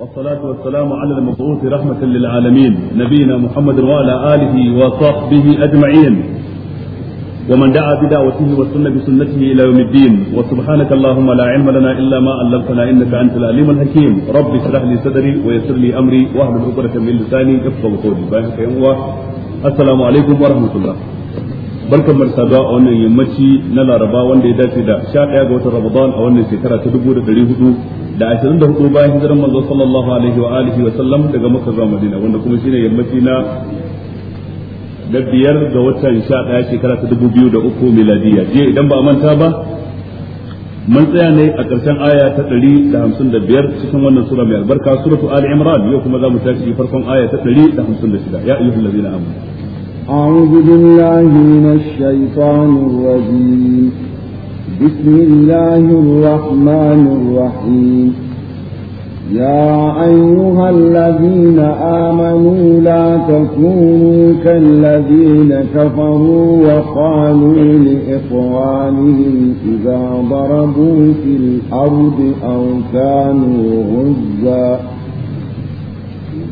والصلاة والسلام على المبعوث رحمة للعالمين نبينا محمد وعلى آله وصحبه أجمعين ومن دعا بدعوته والسنة بسنته إلى يوم الدين وسبحانك اللهم لا علم لنا إلا ما علمتنا إنك أنت العليم الحكيم رب اشرح لي صدري ويسر لي أمري واحلل عقدة من لساني افضل قولي السلام عليكم ورحمة الله barkan mu saduwa a wannan yammaci na Laraba wanda ya dace da 11 ga watan Ramadan a wannan shekara ta 1400 da 24 bayan hijiran manzo sallallahu alaihi wa alihi wa sallam daga Makka zuwa Madina wanda kuma shine yammaci na da biyar ga watan 11 shekara ta 2003 miladiya je idan ba manta ba mun tsaya ne a ƙarshen aya ta ɗari da hamsin da biyar cikin wannan sura mai albarka suratu ali imran yau kuma za mu tashi farkon aya ta ɗari da hamsin da shida ya ayyuhal ladina amanu أعوذ بالله من الشيطان الرجيم بسم الله الرحمن الرحيم يا أيها الذين آمنوا لا تكونوا كالذين كفروا وقالوا لإخوانهم إذا ضربوا في الأرض أو كانوا غزاً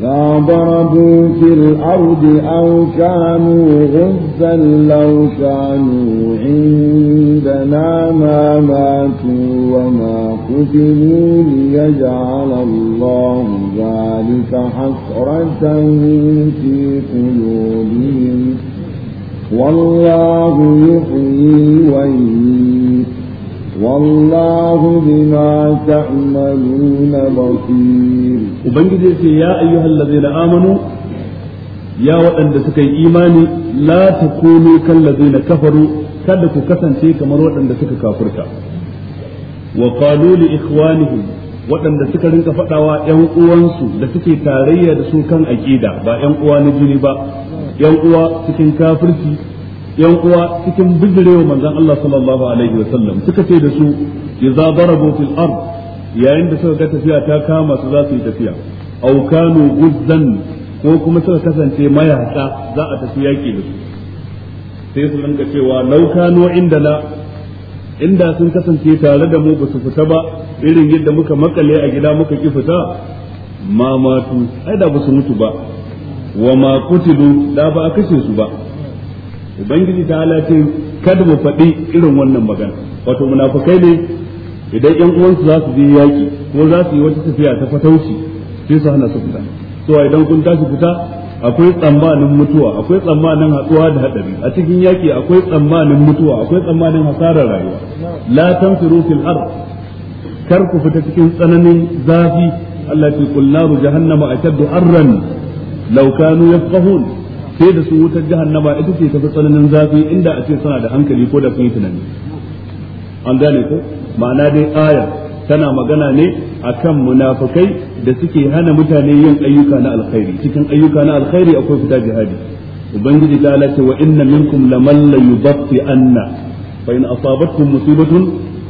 إذا ضربوا في الأرض أو كانوا غزا لو كانوا عندنا ما ماتوا وما قتلوا ليجعل الله ذلك حسرة في قلوبهم والله يحيي ويميت والله بما تعملون بصير وبنجي يا أيها الذين آمنوا ya waɗanda suka yi imani lata ta kunu kallazi na kafaru kada ku kasance kamar waɗanda suka Kafurka. wa qalu li waɗanda suka rinƙa faɗawa ƴan uwansu da suke tarayya da su kan aqida ba ƴan uwa na jini ba ƴan uwa cikin kafirci yan uwa cikin bijirewa manzon Allah sallallahu alaihi wasallam suka ce da su idza darabu fil ard yayin da suka ga tafiya ta kama su za su yi tafiya aw kanu guzzan ko kuma suka kasance mayaka za a tafi yaki da su sai su rinka cewa law kanu indana inda sun kasance tare da mu ba su fita ba irin yadda muka makale a gida muka ki fita ma matu ai da ba su mutu ba wa ma kutilu da ba a kashe su ba ubangiji ta halace kada mu faɗi irin wannan magana wato munafukai ne idan yan uwansu za su je yaki ko za su yi wata tafiya ta fatauci sai su hana su fita so idan kun tashi fita akwai tsammanin mutuwa akwai tsammanin hatsuwa da hadari a cikin yaki akwai tsammanin mutuwa akwai tsammanin hasarar rayuwa la tanfiru fil ard kar ku fita cikin tsananin zafi Allah ce jahannama ashaddu arran law kanu yafqahun sai da su wutar jahannama ita ce ta fi tsananin zafi inda a ce suna da hankali ko da sun tunani an gane ko ma'ana dai aya tana magana ne akan munafukai da suke hana mutane yin ayyuka na alkhairi cikin ayyuka na alkhairi akwai fita jihadi ubangiji ta lace wa inna minkum laman la yubatti anna fa in asabatkum musibatun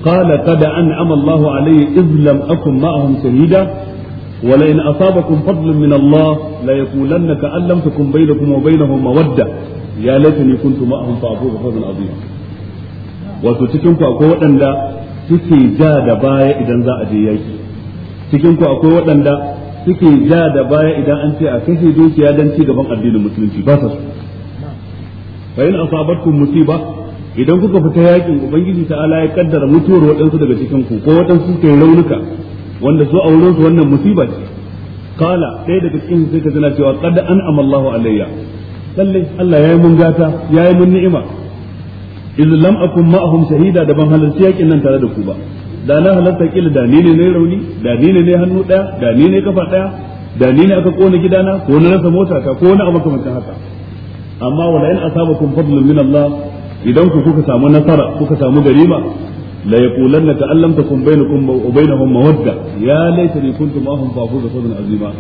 qala qad an'ama Allahu alayya iz lam akun ma'ahum shahida ولئن أصابكم فضل من الله ليقولن كأن لم تكن بينكم وبينهم مودة يا ليتني كنت معهم فأفوز فوزا عظيما wato cikin ku akwai waɗanda suke ja da baya idan za a je yaki cikin akwai waɗanda suke ja da baya idan an ce a kashe dukiya don ci gaban addinin musulunci ba sa su fa in asabatkum musiba idan kuka fita yakin ubangiji ta'ala ya kaddara mutuwar waɗansu daga cikin ko raunuka wanda su a wurin su wannan musiba ce kala ɗaya daga cikin sai ka tana cewa kada an amallahu alayya lalle Allah yayi mun gata yayi mun ni'ima idh lam akun ma'ahum shahida da ban halarci yakin nan tare da ku ba da na halarta kila da ni ne nayi rauni da ni ne nayi hannu daya da ni ne kafa daya da ni ne aka kona gidana ko na rasa mota ta ko na abu kamar haka amma wala in asabakum fadlun min Allah idan ku kuka samu nasara kuka samu garima la yaqulanna ka allam takum bainakum wa bainahum mawadda ya laita kuntu ma'ahum fa fuza azima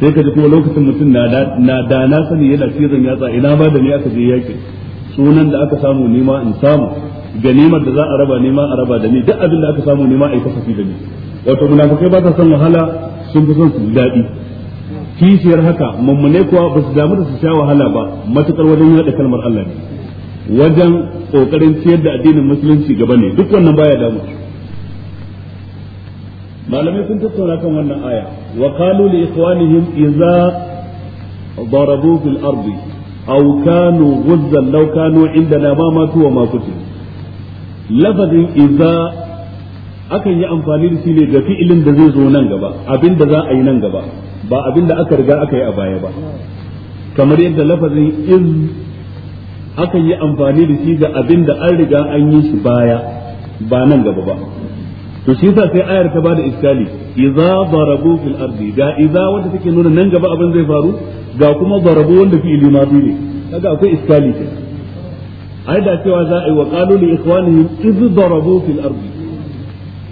sai ka ji kuma lokacin mutum na da na sani yana cizon yatsa ina ba da ni aka je yaki sunan da aka samu nima in samu ganimar da za a raba nima a raba da ni duk abin da aka samu nima a yi kasafi da ni wato munafukai ba ta son wahala sun fi son su daɗi kishiyar haka mummune kuwa ba su damu da su sha wahala ba matukar wajen yaɗa kalmar Allah ne wajen kokarin ciyar da addinin musulunci gaba ne duk wannan baya damu malamai sun tattauna kan wannan aya wa qalu li ikhwanihim idza darabu fil ardi aw kanu ghuzzan law kanu indana ma matu wa ma kutu lafazin idza akan yi amfani da shi ne ga fi'ilin da zai zo nan gaba abinda za a yi nan gaba ba abinda aka riga aka yi a baya ba kamar yadda lafazin iz akan yi amfani da shi ga abin da an riga an yi shi baya ba nan gaba ba to shi yasa sai ayar ta bada iskali idza darabu fil ardi ga idza wanda take nuna nan gaba abin zai faru ga kuma darabu wanda fi'ili madi ne kaga akwai iskali ke ai da cewa za a yi wa qalu li ikhwanihim iz darabu fil ardi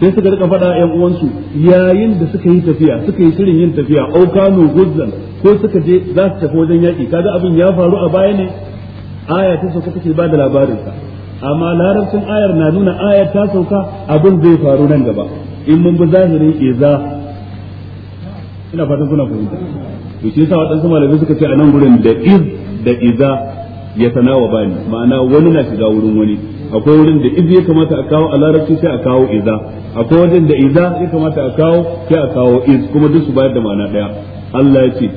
sai suka rika faɗa ƴan uwansu yayin da suka yi tafiya suka yi shirin yin tafiya au kanu guzzan ko suka je za su tafi wajen yaki kaga abin ya faru a baya ne aya ta sauka take ba da labarinsa amma larabcin ayar na nuna ayar ta sauka abin zai faru nan gaba in mun bi zahirin iza ina fatan kuna fahimta to shi yasa wadansu malamai suka ce a nan gurin da iz da iza ya tanawa bani ma'ana wani na shiga wurin wani akwai wurin da iz ya kamata a kawo a larabci sai a kawo iza akwai wajen da iza ya kamata a kawo sai a kawo iz kuma duk su bayar da ma'ana daya Allah ya ce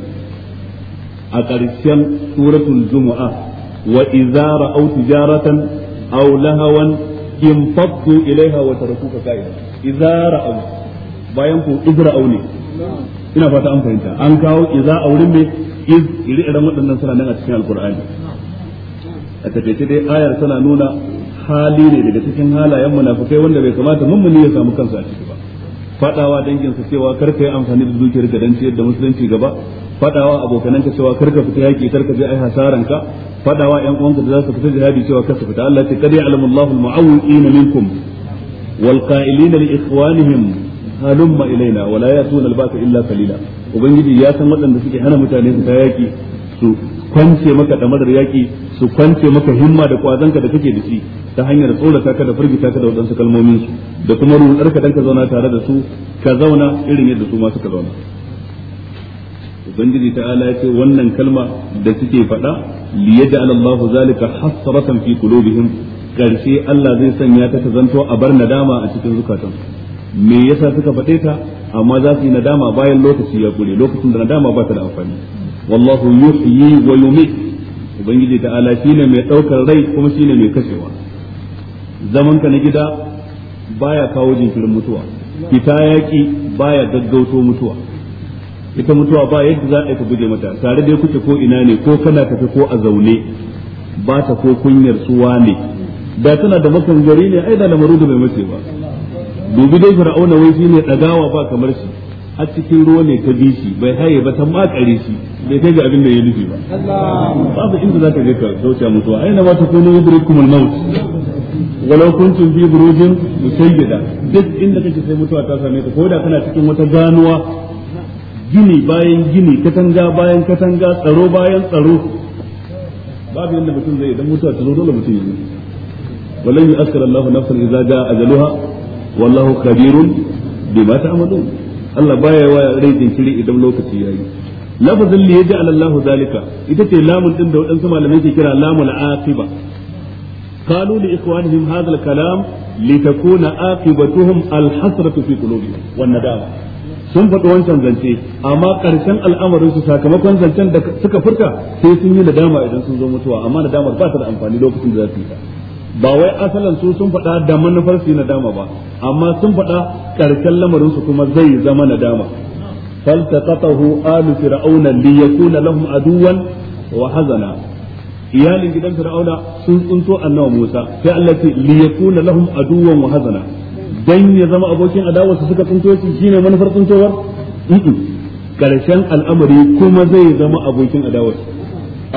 a ƙarshen suratul jumu'a wa idza ra'aw tijaratan aw lahawan infaqtu ilaiha wa tarakuka qa'ida idza ra'aw bayan ku izra'aw ne ina fata an fahimta an kawo idza aurin me iz iri irin waɗannan suna nan a cikin alqur'ani a takaice dai ayar tana nuna hali ne daga cikin halayen munafikai wanda bai kamata mummuni ya samu kansa a ciki ba fadawa danginsa cewa kar ka yi amfani da dukiyar ka dan ciyar da musulunci gaba fadawa abokananka cewa kar ka fita yaki kar ka je ai hasaran ka fadawa yan uwanka da za su fita jihadi cewa kar ka fita Allah ya ce kad ya'lamu Allahu al-mu'awwiqin minkum wal qa'ilin li ikhwanihim halumma ilaina wa la yatuna al-ba'sa illa qalila ubangiji ya san waɗanda suke hana mutane su ta yaki su kwance maka damarar yaki su kwance maka himma da kwazanka da kake da shi ta hanyar tsorata ka da firgita ka da waɗansu kalmomin su da kuma ruɗar ka dan ka zauna tare da su ka zauna irin yadda su ma suka zauna ubangiji ta'ala ya ce wannan kalma da suke faɗa liyaj'al Allahu zalika hasratan fi qulubihim karshe Allah zai sanya ta ta zanto a bar nadama a cikin zukatan me yasa suka faɗe ta amma za su yi nadama bayan lokaci ya gure lokacin da nadama ba ta da amfani wallahu yuhyi wa yumiit ubangiji ta'ala shine mai daukar rai kuma shine mai kashewa zaman ka na gida baya kawo jinkirin mutuwa fita yaki baya gaggauto mutuwa ita mutuwa ba yadda za a ka guje mata tare dai kuke ko ina ne ko kana tafi ko a zaune ba ta ko kunyar suwa ne da tana da makan gari ne ai da lamaru da bai mace ba dubi dai fir'auna wai shine dagawa ba kamar shi a cikin ruwa ne ta bi shi bai haye ba ta makare shi bai kai ga abin da ya nufi ba babu inda za ka je ka sauke mutuwa aina ma ta kuma yudrikumul maut walau kuntum fi burujin musayyida duk inda kake sai mutuwa ta same ka ko da kana cikin wata ganuwa gini bayan gini katanga bayan katanga tsaro bayan tsaro babu yadda mutum zai idan mutuwa ta zo dole mutum ya mutu walan yu'akhkhir Allahu nafsan idza jaa ajaluha wallahu khabirun bima ta'malun Allah baya wa rai jinkiri idan lokaci yayi lafazin li yaj'al Allahu zalika ita ce lamun din da wadansu malamai ke kira lamul aqiba قالوا لإخوانهم هذا الكلام لتكون عاقبتهم الحسرة في قلوبهم والندامة sun faɗi wancan zance amma ƙarshen al'amarin su sakamakon zancen da suka furta sai sun yi nadama idan sun zo mutuwa amma nadamar ba ta da amfani lokacin da za su yi ba wai asalin su sun faɗa da manufar su yi nadama ba amma sun faɗa ƙarshen lamarin su kuma zai zama nadama faltaqatahu alu fir'auna liyakuna lahum aduwan wa hazana iyalin gidan fir'auna sun tsunto annabi Musa sai Allah ce li yakuna lahum aduwwan wa hazana dan ya zama abokin adawa su suka tsunto shi shine manufar tsuntowar karshen al'amari kuma zai zama abokin adawa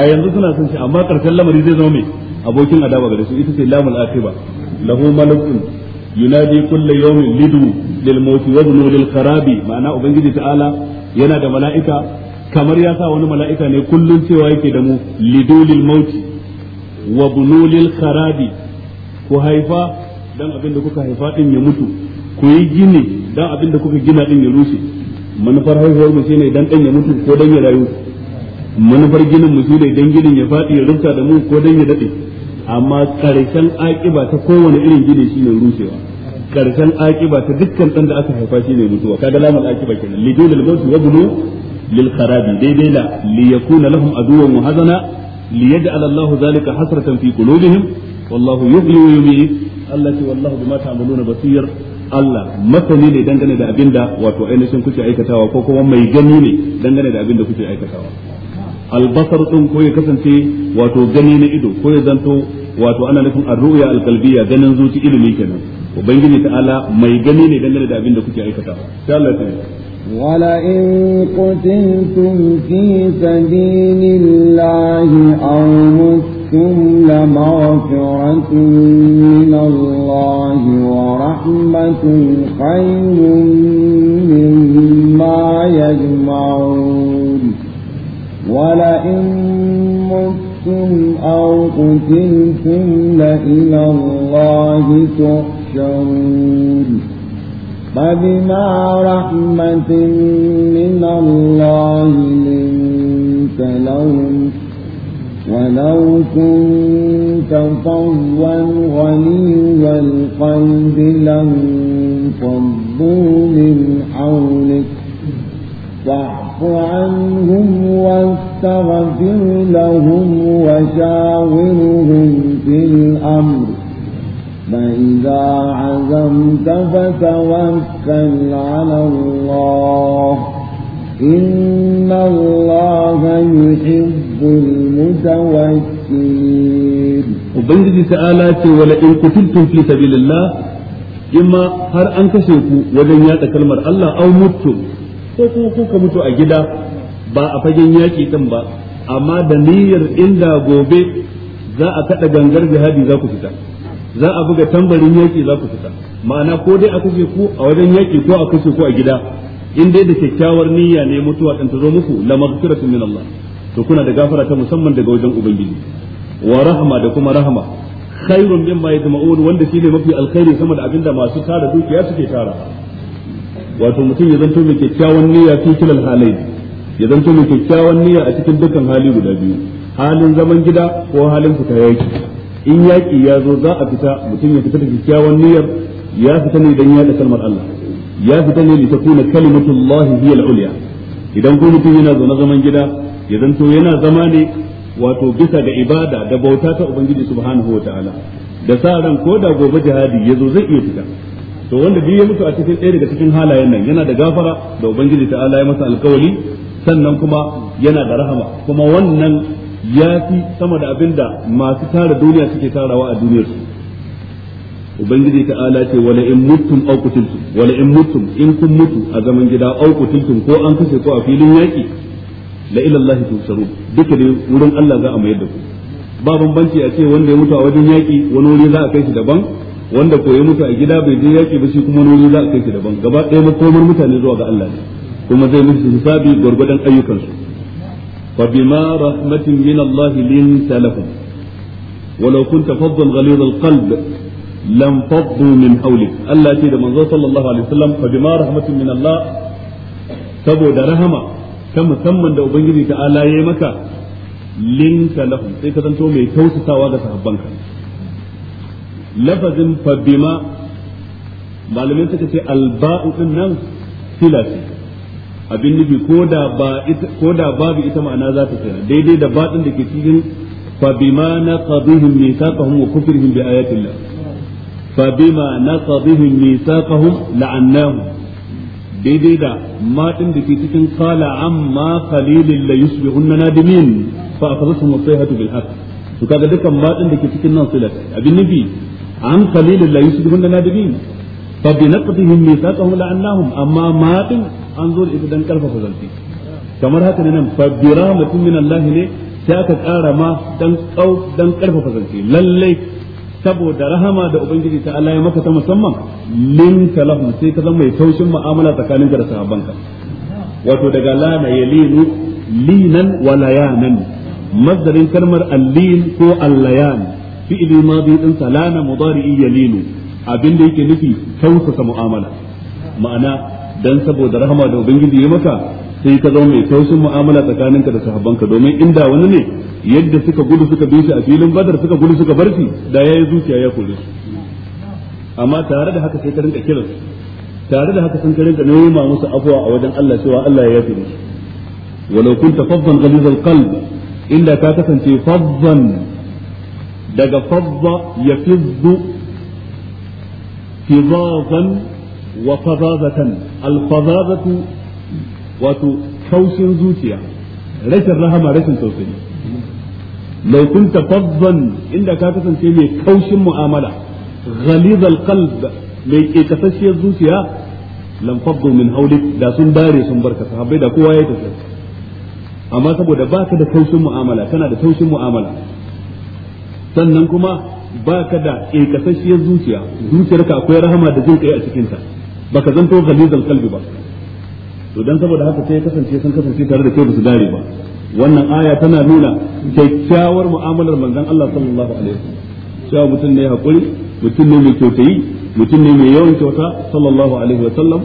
a yanzu suna son shi amma karshen lamari zai zama mai abokin adawa gare su ita ce lamul akiba lahu malakun yunadi kullu yawmin lidu lil mawt wa lil kharabi ma'ana ubangiji ta'ala yana da mala'ika kamar ya sa wani mala'ika ne kullum cewa yake da mu lidulil mauti wa bunulil kharabi ku haifa dan abin da kuka haifa din ya mutu ku yi gini dan abin da kuka gina din ya rushe manufar haihuwar mu shine dan dan ya mutu ko dan ya rayu manufar ginin mu shine dan ginin ya fadi ya rufta da mu ko dan ya daɗe amma karshen aƙiba ta kowane irin gini shine rushewa karshen aƙiba ta dukkan ɗan da aka haifa shine mutuwa kaga lamar aƙiba kenan lidulil mauti wa bunulil lil kharabi daidai la li yakuna lahum aduwwan wa hazana li yaj'al Allahu zalika hasratan fi qulubihim wallahu yuhyi wa wallahu bima ta'maluna Allah masani ne dangane da abinda wato ainihin kuke aikatawa ko kuma mai gani ne dangane da abinda kuke aikatawa albasar din ko ya kasance wato gani na ido ko ya zanto wato ana nufin arruya alqalbiya ganin zuci ilimi kenan ubangiji ta'ala mai gani ne dangane da abinda kuke aikatawa sai Allah ya ولئن قتلتم في سبيل الله أو متم لمغفرة من الله ورحمة خير مما يجمعون ولئن متم أو قتلتم لإلى الله تحشرون فبما رحمة من الله لنت لهم ولو كنت فظا غليظ القلب لانفضوا من حولك فاعف عنهم واستغفر لهم وشاورهم في الأمر فإذا عزمت فتوكل على الله إن الله يحب المتوكلين وبنجي تعالى ولئن قتلتم في سبيل الله إما هر أنكشفوا وجن كلمة الله أو متم ko kuma kuka mutu a gida ba a fagen yaƙi ɗin ba amma da niyyar inda gobe za a kaɗa gangar za a buga tambarin yaki za ku fita ma'ana ko dai a kashe ku a wajen yaki ko a kashe ku a gida in dai da kyakkyawar niyya ne mutuwa kan ta zo muku la sun min Allah to kuna da gafara ta musamman daga wajen ubangiji wa rahma da kuma rahma khairun mimma yajma'un wanda shine mafi alkhairi sama da abinda masu tara dukiya suke tara wato mutum ya zanto mai kyakkyawan niyya fi kilal halai ya zanto mai kyakkyawan niyya a cikin dukkan hali guda biyu halin zaman gida ko halin fita yaki in yaƙi ya zo za a fita mutum ya fita da kyakkyawan niyyar ya fita ne dan yaɗa kalmar Allah ya fita ne na kalimatullahi hiya al-ulya idan ko mutum yana zaune zaman gida ya zanto yana zama ne wato bisa ga ibada da bauta ta ubangiji subhanahu wataala da sa ran ko da gobe jihadi ya zo zai iya fita to wanda duk ya mutu a cikin ɗaya daga cikin halayen nan yana da gafara da ubangiji ta'ala ya masa alkawali sannan kuma yana da rahama kuma wannan ya fi sama da abin da masu tara duniya suke tarawa a duniyar su ubangiji ta ala ce wala in mutum au kutiltum wala in mutum in kun mutu a zaman gida au kutiltum ko an kashe ko a filin yaki la ila Allah tusarun duka ne wurin Allah za a mayar da ku ba bambanci a ce wanda ya mutu a wajen yaki wani wuri za a kai shi daban wanda ko ya mutu a gida bai je yaki ba shi kuma wani wuri za a kai shi daban gaba ɗaya makomar mutane zuwa ga Allah ne kuma zai musu hisabi gwargwadon ayyukansu فبما رحمة من الله لنت لهم ولو كنت فظا غليظ القلب لم فضوا من حولك الله تيد منظور صلى الله عليه وسلم فبما رحمة من الله سبو رحمة كم سمن دو بنجي تعالى يمكا لنت لهم سيكا تنتو مي توسي ساواغا صحبانك لفظ فبما معلومين سكتي الباء إنن سلاسي abin nufi ko da ba ko babu ita ma'ana za ta tsaya daidai da baɗin da ke cikin fa bima naqadihim mithaqahum wa kufrihim bi ayatillah fa bima naqadihim mithaqahum la'annahum daidai da matin da ke cikin kala qala amma qalilin la yusbihunna nadimin fa akhadhatuhum as-sayhatu bil haqq to kaga dukan matin da ke cikin nan silat abin nufi an qalilin la yusbihunna nadimin fa bi naqdihim mithaqahum la'annahum amma matin an zo da ita dan karfafa zance kamar haka ne nan fabira biramatin min Allah ne sai aka kara ma dan kau dan karfafa zance lalle saboda rahama da ubangiji ta Allah ya maka ta musamman min sai ka zama mai taushin mu'amala tsakanin ka da sahabbanka wato daga lana yalinu linan wa layanan mazdarin kalmar allin ko allayan fi'ili madi din salana mudari yalinu abin da yake nufi tausasa mu'amala ma'ana dan saboda rahama da ubangiji ya maka sai ka zama mai taushin mu'amala tsakaninka da sahabbanka domin inda wani ne yadda suka gudu suka bi shi a filin badar suka gudu suka bar shi da yayi zuciya ya kore su amma tare da haka sai ka rinka kiran tare da haka sun ka rinka nema musu afuwa a wajen Allah cewa Allah ya yafe musu walau kunta faddan ghalizal qalb inda ka kasance faddan daga fadda yafizzu fidazan wa fazazatan al fazazatu wato kaushin zuciya rashin rahama rashin tausayi law tafazan inda ka kasance mai kaushin mu'amala ghaliz al qalb mai kekasasshiyar zuciya lam domin min da sun dare sun barka sahabbai da kowa ya tafi amma saboda baka da kaushin mu'amala tana da taushin mu'amala sannan kuma ba ka da kasasshiyar zuciya zuciyarka akwai rahama da jin kai a cikinta baka zanto galizan kalbi ba to dan saboda haka sai kasance sun kasance tare da kai ba su dare ba wannan aya tana nuna kyakkyawar mu'amalar manzon Allah sallallahu alaihi wasallam cewa mutum ne hakuri mutum ne mai kyautayi mutum ne mai yawan kyauta sallallahu alaihi wasallam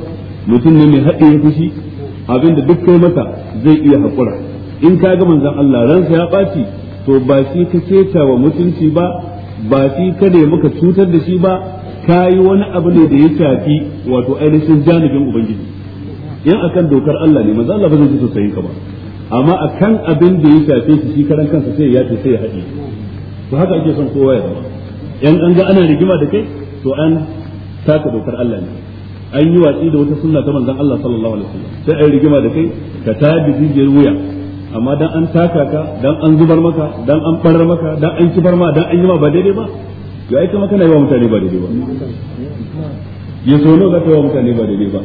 mutum ne mai haɗe ya fushi abinda duk kai mata zai iya hakura in ka ga manzon Allah ransa ya ɓaci to ba shi ka keta wa mutunci ba ba shi ka kada muka cutar da shi ba ka yi wani abu ne da ya shafi wato ainihin janibin ubangiji in akan dokar Allah ne manzo Allah ba zai ji sosai ka ba amma akan abin da ya shafe shi shi karan kansa sai ya ce sai ya haɗe to haka ake son kowa ya zama yan an ga ana rigima da kai to an taka dokar Allah ne an yi watsi da wata sunna ta manzon Allah sallallahu alaihi wasallam sai ai rigima da kai ka ta bijiyar wuya amma dan an taka ka dan an zubar maka dan an barar maka dan an kibar ma dan an yi ma ba daidai ba ya aika maka na yawa wa mutane ba daidai ba ya so ne ga yi wa mutane ba daidai ba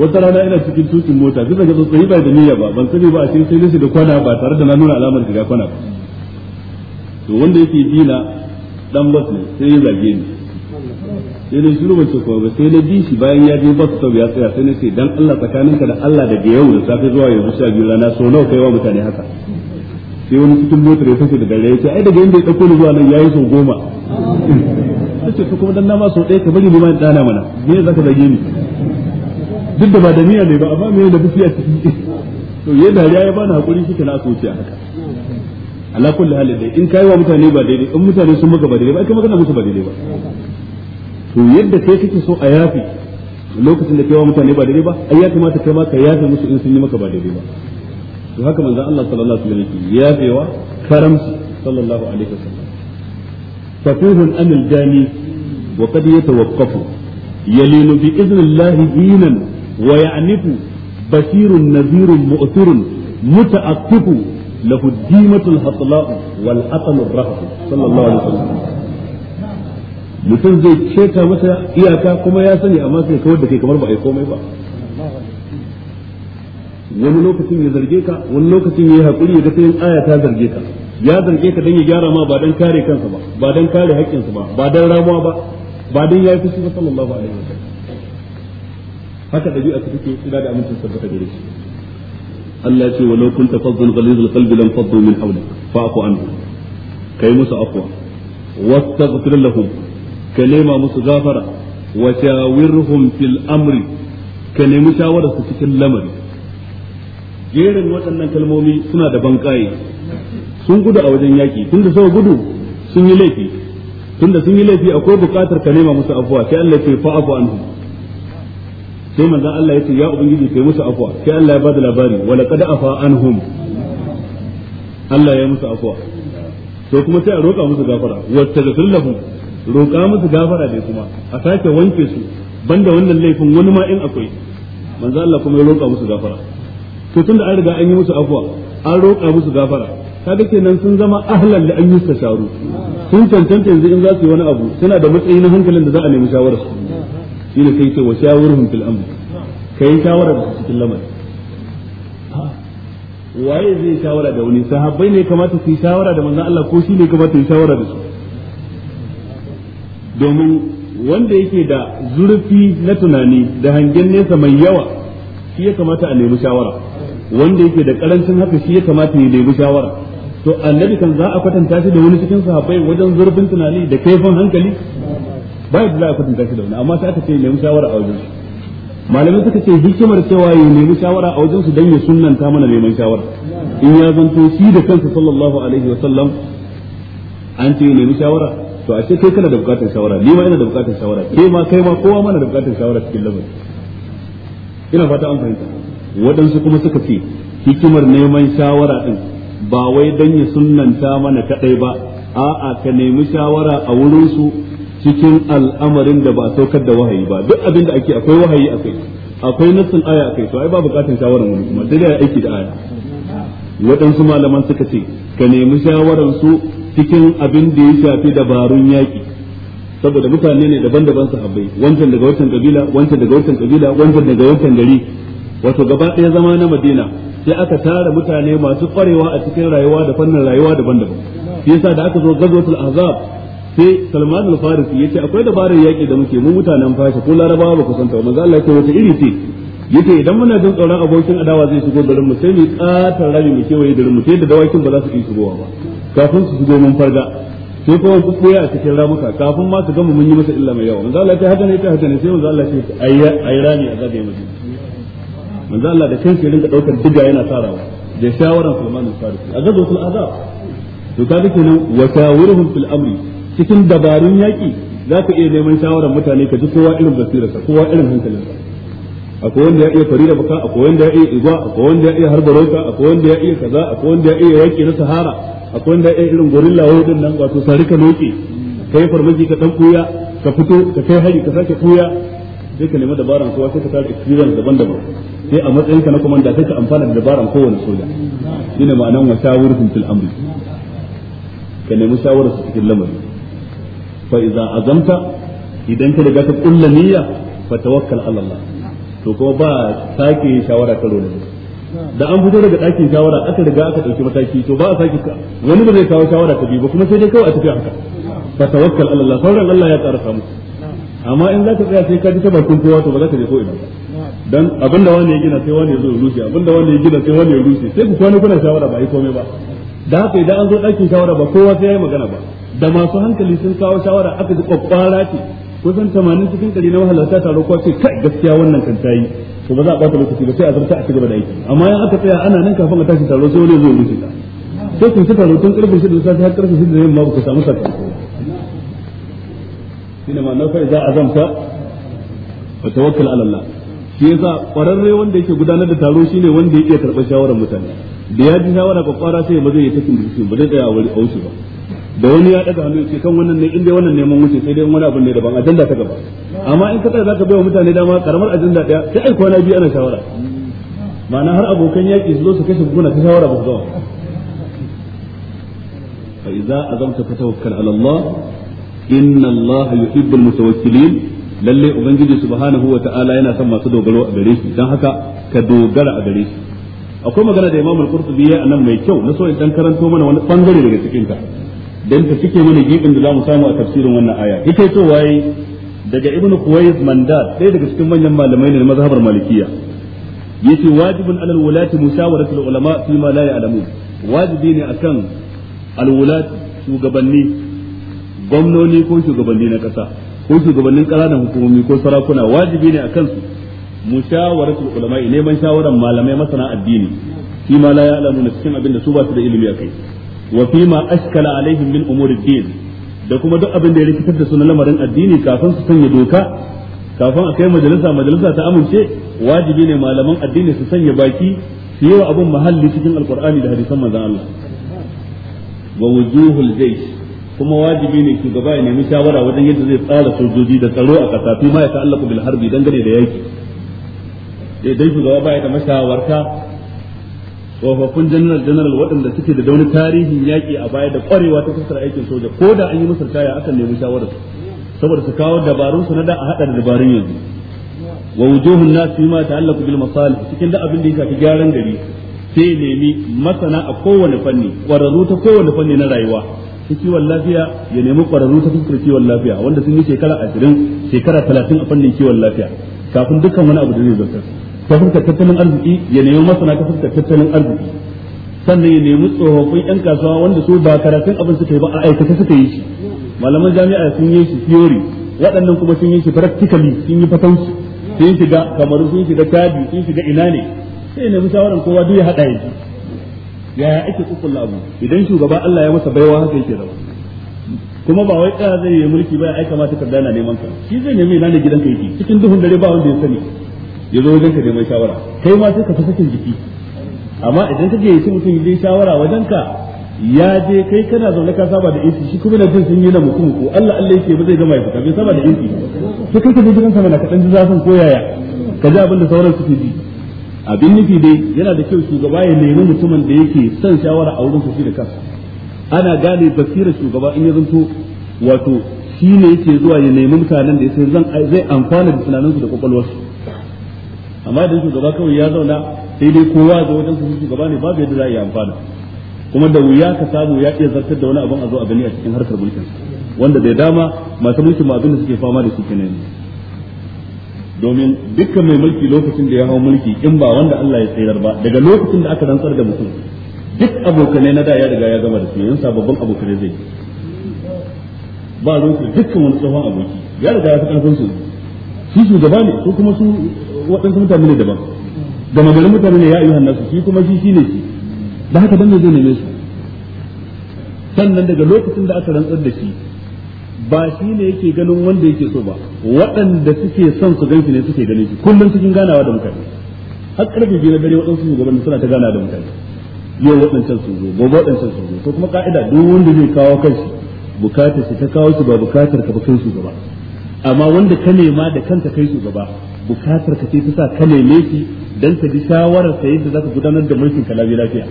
wata rana ina cikin tukin mota duk ga tsotsi ba da niyya ba ban sani ba a cikin sai nace da kwana ba tare da na nuna alamar shiga kwana to wanda yake dina dan bas ne sai ya zage ni sai dai shiru bace ko ba sai dai bi shi bayan ya je bus stop ya tsaya sai ne sai dan Allah tsakaninka da Allah daga yau da safe zuwa yanzu sha biyu rana so nawa kai wa mutane haka sai wani cikin motar ya tafi da dare ya ce ai daga inda ya dauko ni zuwa nan yayi sau goma sai su kuma dan na ma sau ɗaya ka bari ni ma in dana mana me zaka zage ni duk da ba da niyya ne ba amma me da bufiya yi to ya dariya ya bani hakuri shi kana so a haka ala kulli hal dai in kai wa mutane ba daidai in mutane sun maka ba daidai ba kai magana musu ba daidai ba to yadda kai kake so a yafi lokacin da kaiwa mutane ba daidai ba ai ya kamata kai ma ka yafe musu in sun yi maka ba daidai ba to haka manzon Allah sallallahu alaihi wasallam ya yafewa karamsu sallallahu alaihi wasallam fatuhun amil jani wa qad yatawaqqafu yalinu bi idnillahi dinan wa ya'nifu basirun nazirun mu'thirun muta'aqqifu lahu dimatul hatla'u wal aqlu ar-rahb sallallahu alaihi wasallam mutum zai keta masa iyaka kuma ya sani amma sai kawar da kai kamar ba a yi komai ba wani lokacin ya zarge ka wani lokacin ya yi haƙuri ya ga sai aya ta zarge ka ya zarge ka dan ya gyara ma ba dan kare kansa ba ba dan kare haƙƙinsa ba ba dan ramuwa ba ba dan yayi fushi ba sallallahu alaihi wasallam haka dabi'a ta take ina da amincin sabbata gare shi Allah ya ce walau ta faddan ghalizul qalbi lam faddu min hawlik fa'fu anhu kai musu afwa wastaghfir lahum ka nema musu gafara wa shawirhum fil amri ka nemi shawarar su cikin lamari jerin waɗannan kalmomi suna da banƙaye sun gudu a wajen yaƙi tunda sau gudu sun yi laifi tunda sun yi laifi akwai buƙatar ka nema musu afuwa sai Allah ya ce fa'afu anhu sai manzon Allah ya ce ya ubangiji kai musu afuwa sai Allah ya bada labari wa laqad afa anhum Allah ya musu afuwa to kuma sai a roƙa musu gafara wa tagfir lahum roƙa musu gafara ne kuma a sake wanke su banda wannan laifin wani ma in akwai manzo Allah kuma ya roƙa musu gafara to tunda an riga an yi musu afwa an roƙa musu gafara kaga kenan sun zama ahlan da an yi sharu sun tantance yanzu in za su yi wani abu suna da matsayi na hankalin da za a nemi shawarar su ne kai ce wa shawurhum fil amr kai shawara da cikin lamarin waye zai shawara da wani sahabbai ne kamata su yi shawara da manzo Allah ko shi ne kamata su yi shawara da su domin wanda yake da zurfi na tunani da hangen nesa mai yawa shi ya kamata a nemi shawara wanda yake da karancin haka shi ya kamata ya nemi shawara to annabi kan za a kwatanta shi da wani cikin sahabbai wajen zurfin tunani da kaifin hankali ba yadda za a kwatanta shi da wani amma sai aka ce nemi shawara a wajen malamai suka ce hikimar cewa ya nemi shawara a wajen su dan ya sunnanta mana neman shawara in ya zanto shi da kansa sallallahu alaihi wa sallam an ce ya nemi shawara to a ce kai kana da bukatar shawara ni ma ina da bukatar shawara kai ma kai ma kowa mana da bukatar shawara cikin lamarin ina fata an fahimta waɗansu kuma suka ce hikimar neman shawara din ba wai dan ya sunnanta mana kadai ba a'a ka nemi shawara a wurin su cikin al'amarin da ba saukar da wahayi ba duk abin da ake akwai wahayi akai akwai nassin aya akai to ai ba bukatar shawara mun kuma dai aiki da aya waɗansu malaman suka ce ka nemi shawaran su cikin abin da ya shafi dabarun yaki saboda mutane ne daban-daban sahabbai wancan daga wancan kabila wancan daga wancan kabila wancan daga wancan gari wato gaba ɗaya zama na madina sai aka tara mutane masu kwarewa a cikin rayuwa da fannin rayuwa daban-daban shi yasa da aka zo gazwatul ahzab sai salman al-farisi yace akwai dabarar yaki da muke mu mutanen fasha ko larabawa ba ku ta ba manzo Allah ya ce wata iri ce yace idan muna jin tsoron abokin adawa zai shigo garin mu sai mu ƙatar rami mu kewaye garin mu sai da dawakin ba za su iya shigowa ba kafin su shigo mun farga sai kuma ku koya a cikin ramuka kafin ma su gama mun yi masa illa mai yawa manzo Allah ya haka ne ta haka ne sai manzo Allah ya ce ayi rami a zagaye mutum manzo Allah da kansa ya rinka daukar diga yana sarawa da shawaran Sulman al-Farisi a gazo sul azab to kaga kenan wa shawirhum fil amri cikin dabarun yaki za ka iya neman shawaran mutane ka ji kowa irin basirarsa kowa irin hankalinsa akwai wanda ya iya fari da baka akwai wanda ya iya igwa akwai wanda ya iya harba roka akwai wanda ya iya kaza akwai wanda ya iya yaki na sahara akwai wanda ya irin gorilla din nan wato sari ka noke yi farmaki ka dan kuya ka fito ka kai hari ka sake kuya sai ka nemi dabaran kowa sai ka tara experience daban-daban sai a matsayin ka na komanda sai ka amfana da dabaran kowane soja shine ma'anan wa shawurhum fil amri ka nemi shawarar su cikin lamari fa idza azamta idan ka riga ka kulla niyya fa tawakkal ala Allah to kuma ba sake shawara karo da da an fito daga ɗakin shawara aka riga aka ɗauki mataki to ba a sake ka wani ba zai kawo shawara ta biyu ba kuma sai dai kawai a tafi haka fa tawakkal ala Allah sauran Allah ya tsara samu amma in ka tsaya sai ka ji ta bakin kowa to ba za ka je ko ina dan abinda wani ya gina sai wani ya zo ya rushe abinda wani ya gina sai wani ya rushe sai ku kwana kuna shawara ba yi komai ba da haka idan an zo ɗakin shawara ba kowa sai ya yi magana ba da masu hankali sun kawo shawara aka ji kwakwara ce kusan tamanin cikin ɗari na mahalarta taro kuwa ce kai gaskiya wannan kan ta yi to ba za a ɓata lokaci ba sai a zarta a gaba da aiki amma yan aka tsaya ana nan kafin a tashi taro sai wani zai rufe ta sai kun taro tun karfe shida da safe har karfe shida da yamma ba ku samu sakamako shine ma fa'i za a zamta wa tawakkal ala shi shi sa ƙwararre wanda yake gudanar da taro shi ne wanda iya karɓar shawarar mutane da ya ji shawara ƙwara sai ba zai yi tafi da ba zai tsaya a wuce ba da wani ya daga hannu ce kan wannan ne in dai wannan neman wuce sai dai wani abu ne daban ajanda ta gaba amma in ka tsaya zaka wa mutane dama karamar ajanda daya sai ai kwana biyu ana shawara ma'ana har abokan yaki su zo su kashe buguna ta shawara ba su gawa fa idza azamta fatawakkal ala Allah inna Allah yuhibbul mutawakkilin lalle ubangiji subhanahu wa ta'ala yana son masu dogaro a gare shi dan haka ka dogara a gare shi akwai magana da Imam Al-Qurtubi ya nan mai kyau na so in dan karanto mana wani bangare daga cikin ka. dan ta cike mana gibin da zamu samu a tafsirin wannan aya ita to waye daga ibnu kuwais Mandar daya daga cikin manyan malamai ne na mazhabar malikiya yace wajibun alal wulati mushawaratul ulama fi ma la ya'lamun wajibi ne akan alwulat shugabanni gwamnoni ko shugabanni na ƙasa ko shugabannin ƙananan hukumomi ko sarakuna wajibi ne akan su mushawaratul ulama neman shawaran malamai masana addini fi ma la ya'lamun cikin abin da su ba su da ilimi akai wa fi ma ashkala alaihim min da kuma duk abin da ya rikitar da suna lamarin addini kafin su sanya doka kafin a kai majalisa majalisa ta amince wajibi ne malaman addini su sanya baki su yi wa abin mahalli cikin alkur'ani da hadisan manzon Allah wa wujuhul jaysh kuma wajibi ne shugaba ya nemi shawara wajen yadda zai tsara sojoji da tsaro a kasa fi ma ya ta'allaqu bil harbi dangane da yaki eh, dai shugaba ba ya da mashawarta tsofaffin general general waɗanda suke da wani tarihin yaƙi a baya da ƙwarewa ta fuskar aikin soja ko da an yi musu kaya akan nemi shawararsu saboda su kawo dabarun su na da a haɗa da dabarun yanzu wa wujuhun nas mata ta'allaqu bil masalih cikin da abin da ya shafi gyaran gari sai nemi masana a kowane fanni ƙwararru ta kowane fanni na rayuwa ta kiwon lafiya ya nemi ƙwararru ta fuskar kiwon lafiya wanda sun yi shekara ashirin shekara talatin a fannin kiwon lafiya kafin dukkan wani abu da zai zartar ta tattalin arziki ya nemi masana ta tattalin arziki sannan ya nemi tsofaffin yan kasuwa wanda su ba karatun abin suka yi ba a aikata suka yi shi malaman jami'a sun yi shi theory waɗannan kuma sun yi shi practically sun yi fatansu sun shiga kamaru sun shiga tabi sun shiga ina ne sai nemi shawaran kowa duk ya haɗa ya yaya ake kukkulla abu idan shugaba Allah ya masa baiwa haka yake rawa kuma ba wai ɗaya zai yi mulki ba ya aika ma takarda neman ka shi zai nemi ina ne gidan yake cikin duhun dare ba wanda ya sani ya zo wajenka ka neman shawara kai ma sai ka fi sakin jiki amma idan ka je yace mutum ya shawara wajen ka ya je kai kana zaune ka saba da isi shi kuma na jin sun yi na mutum ko Allah Allah yake ba zai gama ya fita bai saba da isi sai kai ka je gidan mana na kaɗan ji zafin ko yaya ka ji abin da sauran suke ji abin nufi dai yana da kyau shugaba ya nemi mutumin da yake son shawara a wurin shi da kansa ana gane basirar shugaba in ya zanto wato shi ne yake zuwa ya nemi mutanen da ya zan zai amfana da tunaninsu da kwakwalwarsu amma idan shugaba kawai ya zauna sai dai kowa zo wajen su shugaba ne babu yadda za a yi amfana kuma da wuya ka samu ya iya zartar da wani abin a zo a gani a cikin harkar mulkin wanda bai dama masu mulkin ma abin da suke fama da suke kenan domin dukkan mai mulki lokacin da ya hau mulki in ba wanda Allah ya tsayar ba daga lokacin da aka rantsar da mutum duk abokanai na da ya riga ya gama da su yanzu sababbin abokanai zai ba dukkan wani tsohon aboki ya riga ya fi ƙarfin su shi shugaba ne ko kuma su waɗansu mutane ne daban gama garin mutane ne ya ayyuhan su shi kuma shi shine shi da haka dan zai neme su sannan daga lokacin da aka rantsar da shi ba shi ne yake ganin wanda yake so ba waɗanda suke son su gan shi ne suke ganin shi kullum cikin ganawa da mutane har karfe biyu na dare waɗansu shugaban suna ta gana da mutane yau waɗancan su zo gobe waɗancan su zo to kuma ka'ida duk wanda zai kawo kansu bukatar shi ta kawo shi ba bukatar ka ba kai shugaba amma wanda ka nema da kanka kai shugaba bukatar ka ce ta sa ka neme shi dan ka ji shawarar sa yadda zaka gudanar da mulkin ka lafiya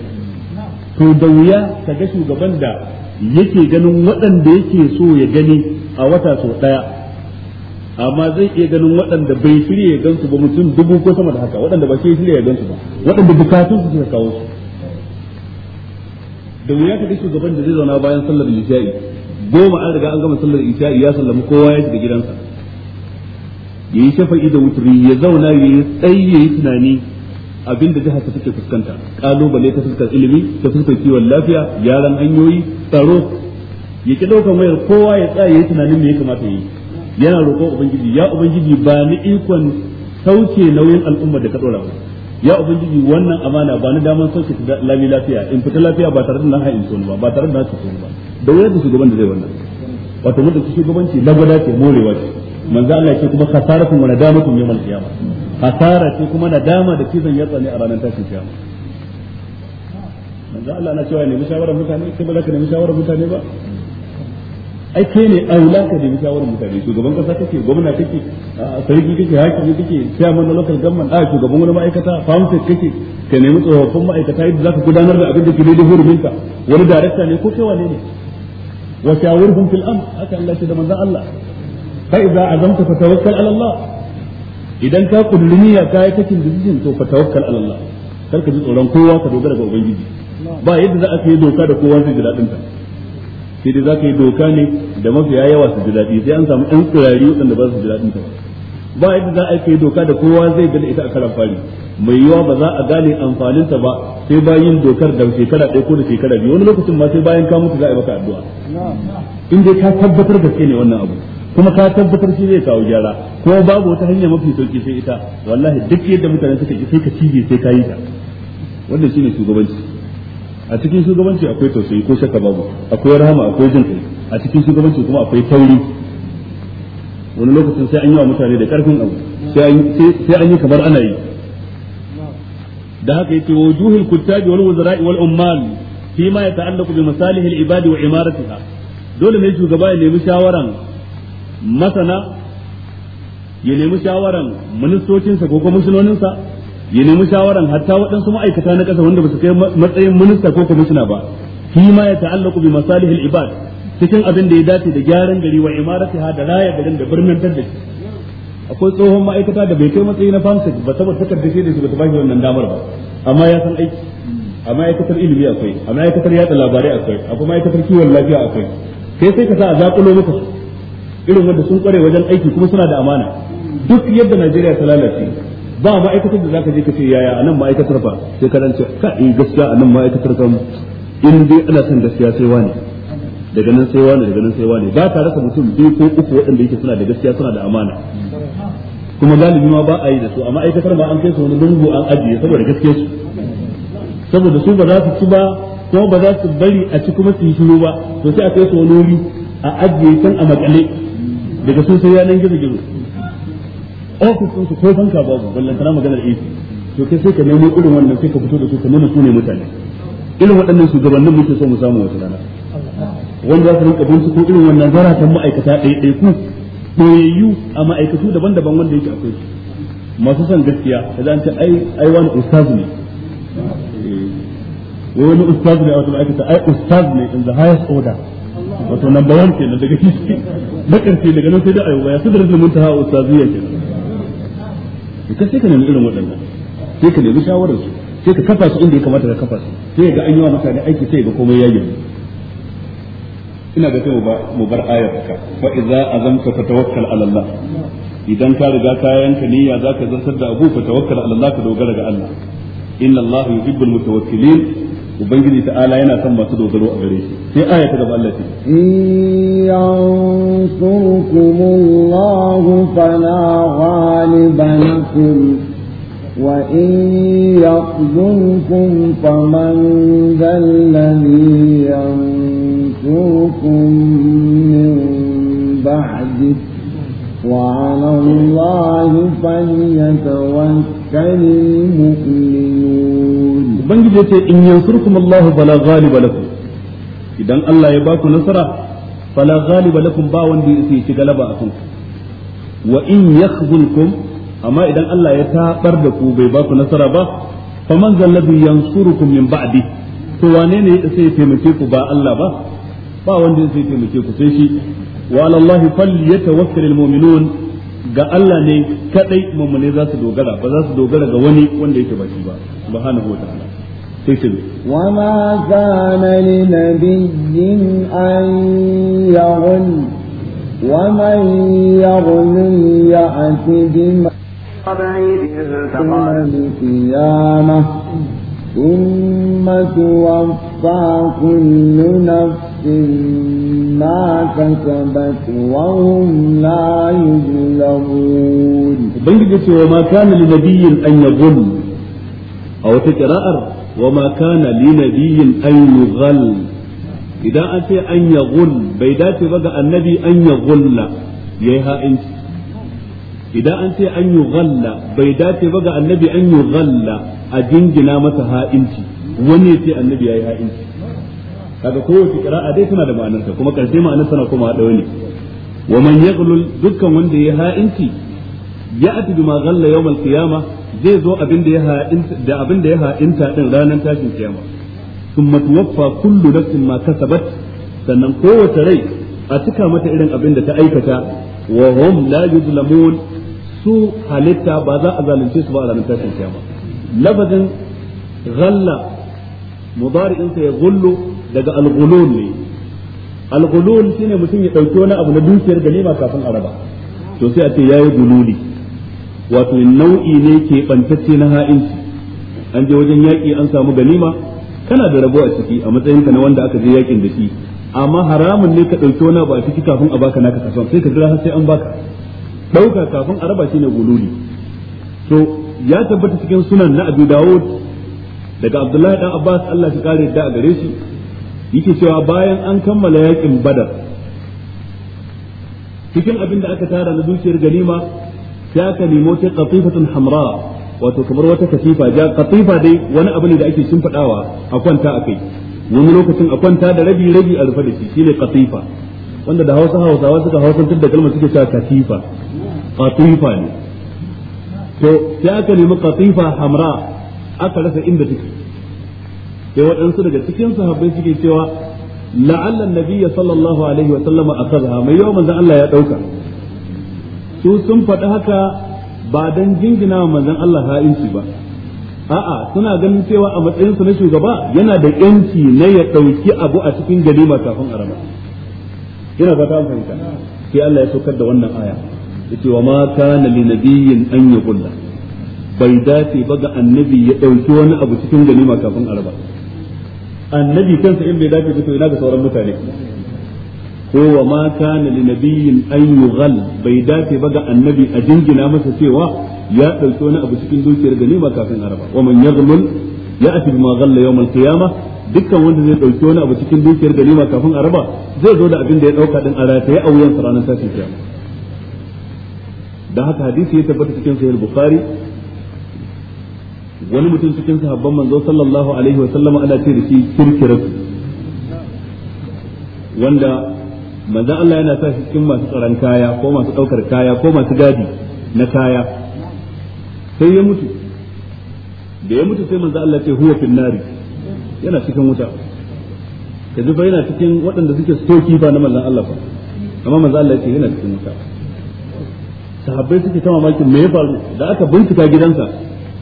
to da wuya ka ga shugaban da yake ganin waɗanda yake so ya gani a wata sau ɗaya amma zai iya ganin waɗanda bai shirya ya gansu ba mutum dubu ko sama da haka waɗanda ba shi shirya ya gansu ba waɗanda bukatun su suka kawo su da wuya ka ga shugaban da zai zauna bayan sallar lisha'i goma an riga an gama sallar isha ya sallama kowa ya shiga gidansa ya yi shafa da wuturi ya zauna ya yi tsayi ya yi tunani abinda da jihar ta take fuskanta kalubale ta fuskar ilimi ta fuskar kiwon lafiya yaran hanyoyi tsaro ya ki ɗaukar wayar kowa ya tsaya ya yi tunanin me ya kamata ya yi yana roƙon ubangiji ya ubangiji ba ni ikon sauke nauyin al'umma da ka ɗora ba ya ubangiji wannan amana ba ni daman sauke da lami lafiya in fita lafiya ba tare da na hain tsoni ba ba tare da na tsoni ba da wani da shugaban da zai wannan wato mutum ki shugabanci lagwada ke morewa ce manzo Allah ce kuma khasaratun wa nadamatu yawmal qiyamah khasara ce kuma nadama da kizan ya tsane a ranar tashin kiyama manzo Allah na cewa ne mushawarar mutane sai ba za ka nemi shawarar mutane ba ai kai ne aula ka nemi shawarar mutane shugaban kasa kake gwamna kake sarki kake hakimi kake chairman na local government a shugaban wani ma'aikata farmsec kake ka nemi tsofaffin ma'aikata yadda zaka gudanar da abin da ke daidai hurumin ka wani director ne ko kai ne. ne wa shawirhum fil amr haka Allah ce da manzon Allah fa idza azamta fatawakkal ala Allah idan ka kulluniya ka yi takin decision to fatawakkal ala Allah kar ka ji tsoron kowa ka dogara ga ubangiji ba yadda za a kai doka da kowa zai ji dadin ta sai dai zaka yi doka ne da mafiya yawa su ji daɗi sai an samu ɗan tsirari waɗanda ba su ji daɗin ta ba yadda za a yi doka da kowa zai gane ita a karan fari mai yawa ba za a gane amfanin ta ba sai bayan dokar da shekara ɗaya ko da shekara biyu wani lokacin ma sai bayan ka mutu za a yi maka addu'a in dai ka tabbatar gaske ne wannan abu kuma ka tabbatar shi zai kawo gyara Ko babu wata hanya mafi sauki sai ita wallahi duk yadda mutane suka ki sai ka cije sai ka yi ta wannan shine shugabanci a cikin shugabanci akwai tausayi ko shakka babu akwai rahama akwai jin kai a cikin shugabanci kuma akwai tauri wani lokacin sai an yi wa mutane da karfin abu sai an yi kamar ana yi da haka yake wujuhul kuttabi wal wuzara'i wal ummal fi ma yata'allaqu bi masalihil ibadi wa imaratiha dole ne shugaba ya nemi shawaran masana ya nemi shawaran ministocinsa ko kwamishinoninsa ya nemi shawaran hatta waɗansu ma'aikata na ƙasa wanda ba su kai matsayin minista ko kwamishina ba fi ma ya ta'allaku bi masalihil ibad cikin abin da ya dace da gyaran gari wa imaratiha da raya garin da birnin da shi akwai tsohon ma'aikata da bai kai matsayi na fansik ba saboda da shi da shi ba ta bashi wannan damar ba amma ya san aiki a ma'aikatar ilimi akwai a ma'aikatar yatsa labarai akwai a kuma ma'aikatar kiwon lafiya akwai sai sai ka sa a zaƙulo maka irin wanda sun kware wajen aiki kuma suna da amana duk yadda Najeriya ta lalace ba ma'aikatar da zaka je ka ce yaya anan ma'aikatar ba sai ka rance ka in eh, gaskiya anan ma'aikatar kan in dai ana son gaskiya sai wani daga nan sai wani daga nan sai wani ba tare rasa mutum biyu ko uku waɗanda yake suna da gaskiya suna da amana kuma galibi ma ba a yi da su amma aikatar ba an kai su wani lungu an ajiye saboda gaskiya su saboda su ba za su ci ba kuma ba za su bari a ci kuma su yi shiru ba to sai a kai su wani wuri a ajiye kan a makale daga sun sai yanan gizo gizo ofis ɗinsu ko banka babu ballantana maganar isi to kai sai ka nemo irin wannan sai ka fito da su ka nuna su ne mutane irin waɗannan shugabannin muke so mu samu wata rana wanda za su rinka ko irin wannan zaratan ma'aikata ku ɗoyayyu a ma'aikatu daban-daban wanda yake akwai su masu son gaskiya da za ta ai ai wani ustaz ne eh, wani ustaz ne a wata ma'aikata ai ustaz ne in the highest order wato number one kenan daga kishi na ƙarfi daga nan sai da ayyuka ya su da rajin muntaha ustaziyya nan ka sai ka nemi irin waɗannan sai ka nemi shawarar su sai ka kafa su inda ya kamata ka kafa su sai ga an yi wa mutane aiki sai ga komai ya gyaru ina ga sai mu bar ayar haka fa idza azamta fa tawakkal ala Allah idan ka riga ka yanka niyya zaka zartar da abu fa tawakkal ala Allah ka dogara ga Allah inna Allah yuhibbul mutawakkilin ubangiji ala yana son masu dogaro a gare shi sai aya ta gaba Allah ce yansurkumullahu fala ghaliba lakum wa in yaqzunkum faman dhalladhi yansurkum min ba'di وعلى الله فليتوكل المؤمنون ubangiji yace in yansurkum Allah fala ghaliba lakum idan Allah ya baku nasara fala ghaliba lakum ba wanda yake ci galaba a kanku wa in yakhzulkum amma idan Allah ya tabar da ku bai baku nasara ba faman zalladhi yansurukum min ba'di to wane ne sai ya taimake ku ba Allah ba ba wanda zai taimake ku sai shi wa alallahi falyatawakkalul mu'minun ga Allah ne kadai mummune za su dogara ba za su dogara ga wani wanda yake baki ba subhanahu wa ta'ala وما كان لنبي أن يغل ومن يغل يأت بما القيامة ثم توفى كل نفس ما كسبت وهم لا يظلمون بنجد وما كان لنبي أن يظلم أو تقرأ وما كان لنبي أن يغل إذا أتى أن يغل بيدات بقى النبي أن يغل يها أنت إذا أنت أن يغل بيدات بقى النبي أن يغل أجن جنامتها أنت ونيتي النبي يها أنت kaga kowace kira'a dai tana da ma'anarta kuma karshe ma'anar tana kuma a wani. wa man yaghlul dukkan wanda ya ha'inci ya ati bima ghalla yawmal qiyamah zai zo abin da ya ha'inta da abin da ya ha'inta din ranar tashin kiyama thumma tuwaffa kullu nafsin ma kasabat sannan kowace rai a cika mata irin abin da ta aikata wa hum la yuzlamun su halitta ba za a zalunce su ba a ranar tashin kiyama lafazin ghalla mudari'in sa ya gullu daga al-ghulul ne al-ghulul shine mutum ya dauki wani abu na dukiyar ganima kafin araba to sai a ce yayi gululi wato nau'i ne ke bantacce na ha'inci an je wajen yaƙi an samu ganima kana da rabo a ciki a matsayin ka na wanda aka je yaƙin da shi amma haramun ne ka ɗauki wani abu a ciki kafin a baka naka kasuwa sai ka jira har sai an baka ɗauka kafin a raba shi ne gululi to ya tabbata cikin sunan na Abu Dawud daga Abdullahi dan Abbas Allah ya kare da a gare shi yake cewa bayan an kammala yaƙin Badar cikin abin da aka tara na zuciyar ganima sai aka nemo ta qatifatun hamra wato kamar wata katifa ja qatifa dai wani abu ne da ake shimfidawa a kwanta akai wani lokacin a kwanta da rabi rabi a rufe da shi shine qatifa wanda da Hausa hausa wasu suka hausantar da kalmar suke cewa katifa qatifa ne to sai aka nemi qatifa hamra aka rasa inda take sai waɗansu daga cikin sahabbai suke cewa la'alla annabiyya sallallahu alaihi wa sallama akhadha mai yawan manzon Allah ya dauka su sun faɗi haka ba don jingina wa manzon Allah ha'inci ba a'a suna ganin cewa a matsayin su na shugaba yana da yanci na ya ɗauki abu a cikin galima kafin a araba ina fata an fahimta sai Allah ya saukar da wannan aya yace wa ma kana li nabiyyin an yaqulla bai dace ba ga annabi ya ɗauki wani abu cikin galima kafin a rama annabi kansa in bai dace ba to ina ga sauran mutane ko wa ma kana li nabiyyin an yughal bai dace ba ga annabi a jingina masa cewa ya dauki wani abu cikin dukiyar ganima kafin araba wa man yaghlul ya'ti bima ghalla yawm al-qiyamah dukkan wanda zai dauki wani abu cikin dukiyar ganima kafin araba zai zo da abin da ya ɗauka din arata ya a wuyan ranar sashin kiyama da haka hadisi ya tabbata cikin sahih bukhari wani mutum cikin sahabban manzo sallallahu alaihi wa sallama ana ce da shi kirkirat wanda manzan Allah yana sa shi cikin masu tsaron kaya ko masu ɗaukar kaya ko masu gadi na kaya sai ya mutu da ya mutu sai manzan Allah ce huwa fil nari yana cikin wuta kaji fa yana cikin waɗanda suke stoki ba na manzan Allah ba amma manzan Allah ce yana cikin wuta sahabbai suke ta mamakin me ya faru da aka bincika gidansa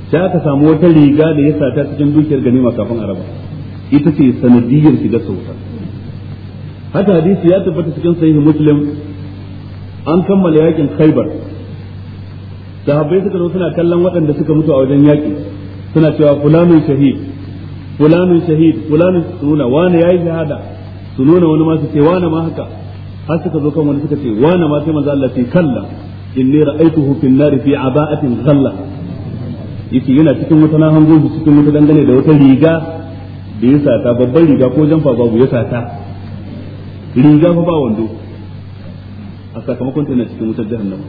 sai aka samu wata riga da ya sata cikin dukiyar ganima kafin araba ita ce sanadiyyar shiga sautar haka hadisi ya tabbata cikin sahihi muslim an kammala yakin khaybar sahabbai suka zo suna kallon waɗanda suka mutu a wajen yaki suna cewa fulanun shahid fulanun shahid fulanun suna wani yayi shahada su nuna wani ma su ce wani ma haka har suka zo kan wani suka ce wani ma sai manzo Allah ce kalla inni ra'aytuhu fin nar fi aba'atin khalla yace yana cikin wata na hango cikin wata dangane da wata riga da ya sata babban riga ko jamfa babu ya sata riga fa ba wando a sakamakon tana cikin wutar jahannama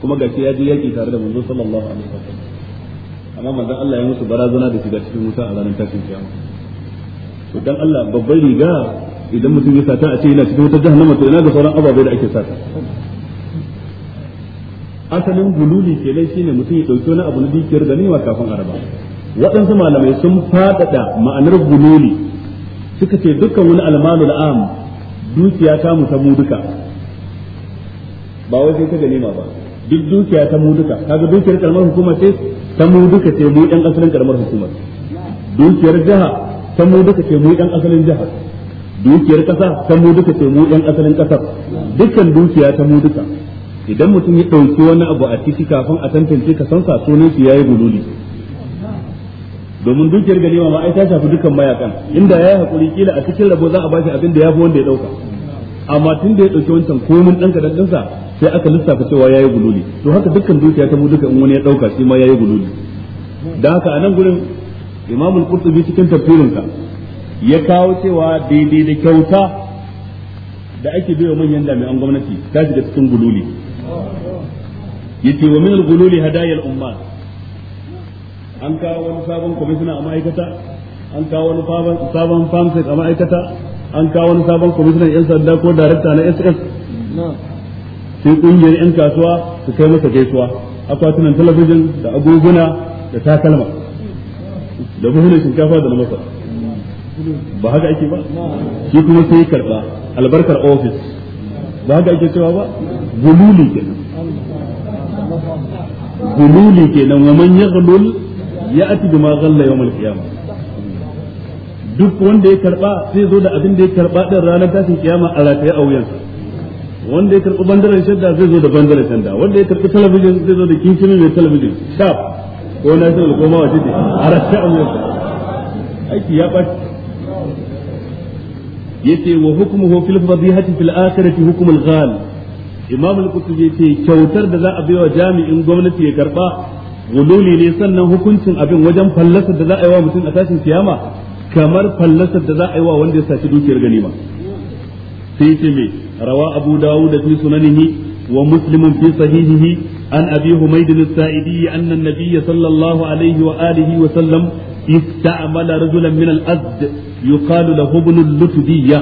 kuma ga ya je yaki tare da manzo sallallahu alaihi wasallam amma manzo Allah ya musu barazana da shiga cikin wuta a ranar tashin kiyama to dan Allah babban riga idan mutum ya sata a ce yana cikin wutar jahannama to ina ga sauran ababai da ake sata asalin gululi kenan shine mutum ya dauki wani abu na dukiyar ganima kafin araba waɗansu malamai sun faɗaɗa ma'anar gululi suka ce dukkan wani almalul am dukiya ta mu ta mu duka ba wai sai ta ganima ba duk dukiya ta mu duka kaga dukiyar karamar hukuma ce ta mu duka ce mu yan asalin karamar hukuma dukiyar jaha ta mu duka ce mu ɗan asalin jaha dukiyar kasa ta mu duka ce mu ɗan asalin kasa dukkan dukiya ta mu duka idan mutum ya dauki wani abu a ciki kafin a tantance ka san sa sunan shi yayi gululi domin dukiyar ganima ma ai ta shafi dukkan mayakan inda yayi hakuri kila a cikin rabo za a bashi abin da yafi wanda ya dauka amma tun da ya dauki wancan komin dan kadan dinsa sai aka lissafa cewa yayi gululi to haka dukkan dukiya ta mu duka in wani ya dauka shi ma yayi gululi dan haka anan gurin Imam al-Qurtubi cikin ka. ya kawo cewa daidai da kyauta da ake biyo manyan jami'an gwamnati ta shiga cikin gululi yace wa min al-gululi al-ummah an kawo wani sabon kwamishina a ma'aikata an kawo wani sabon famsek a ma'aikata an kawo wani sabon kwamishinan yan sanda ko darakta na ss sai kungiyar yan kasuwa su kai masa gaisuwa akwatunan talabijin da agoguna da takalma da buhuna shinkafa da na masar ba haka ake ba shi kuma sai karba albarkar ofis ba haka ake cewa ba gululi kenan gululi kenan wa man yaghlul ya'ti ma ghalla yawm al-qiyamah duk wanda ya karba sai zo da abin da ya karba din ranar tashin kiyama a rataye a wuyansa wanda ya karbi bandaren shadda zai zo da bandaren shadda wanda ya karbi talabijin zai zo da kinkinin mai talabijin shaf ko national ko mawa jide a rataye a wuyansa aiki ya ɓaci yace wa hukumu hukmuhu fil fadihati fil akhirati hukmul ghal imam al-qutubi yace kyautar da za a wa jami'in gwamnati ya karba gululi ne sannan hukuncin abin wajen fallasar da za a yi wa mutum a tashin kiyama kamar fallasar da za a yi wa wanda ya saci dukiyar ganima sai ce me rawa abu da fi sunanihi wa muslimun fi sahihihi an abi humayd as-sa'idi anna an-nabiy sallallahu alaihi wa alihi wa sallam ista'mala rajulan min al-azd yuqalu lahu ibn al-lutbiyya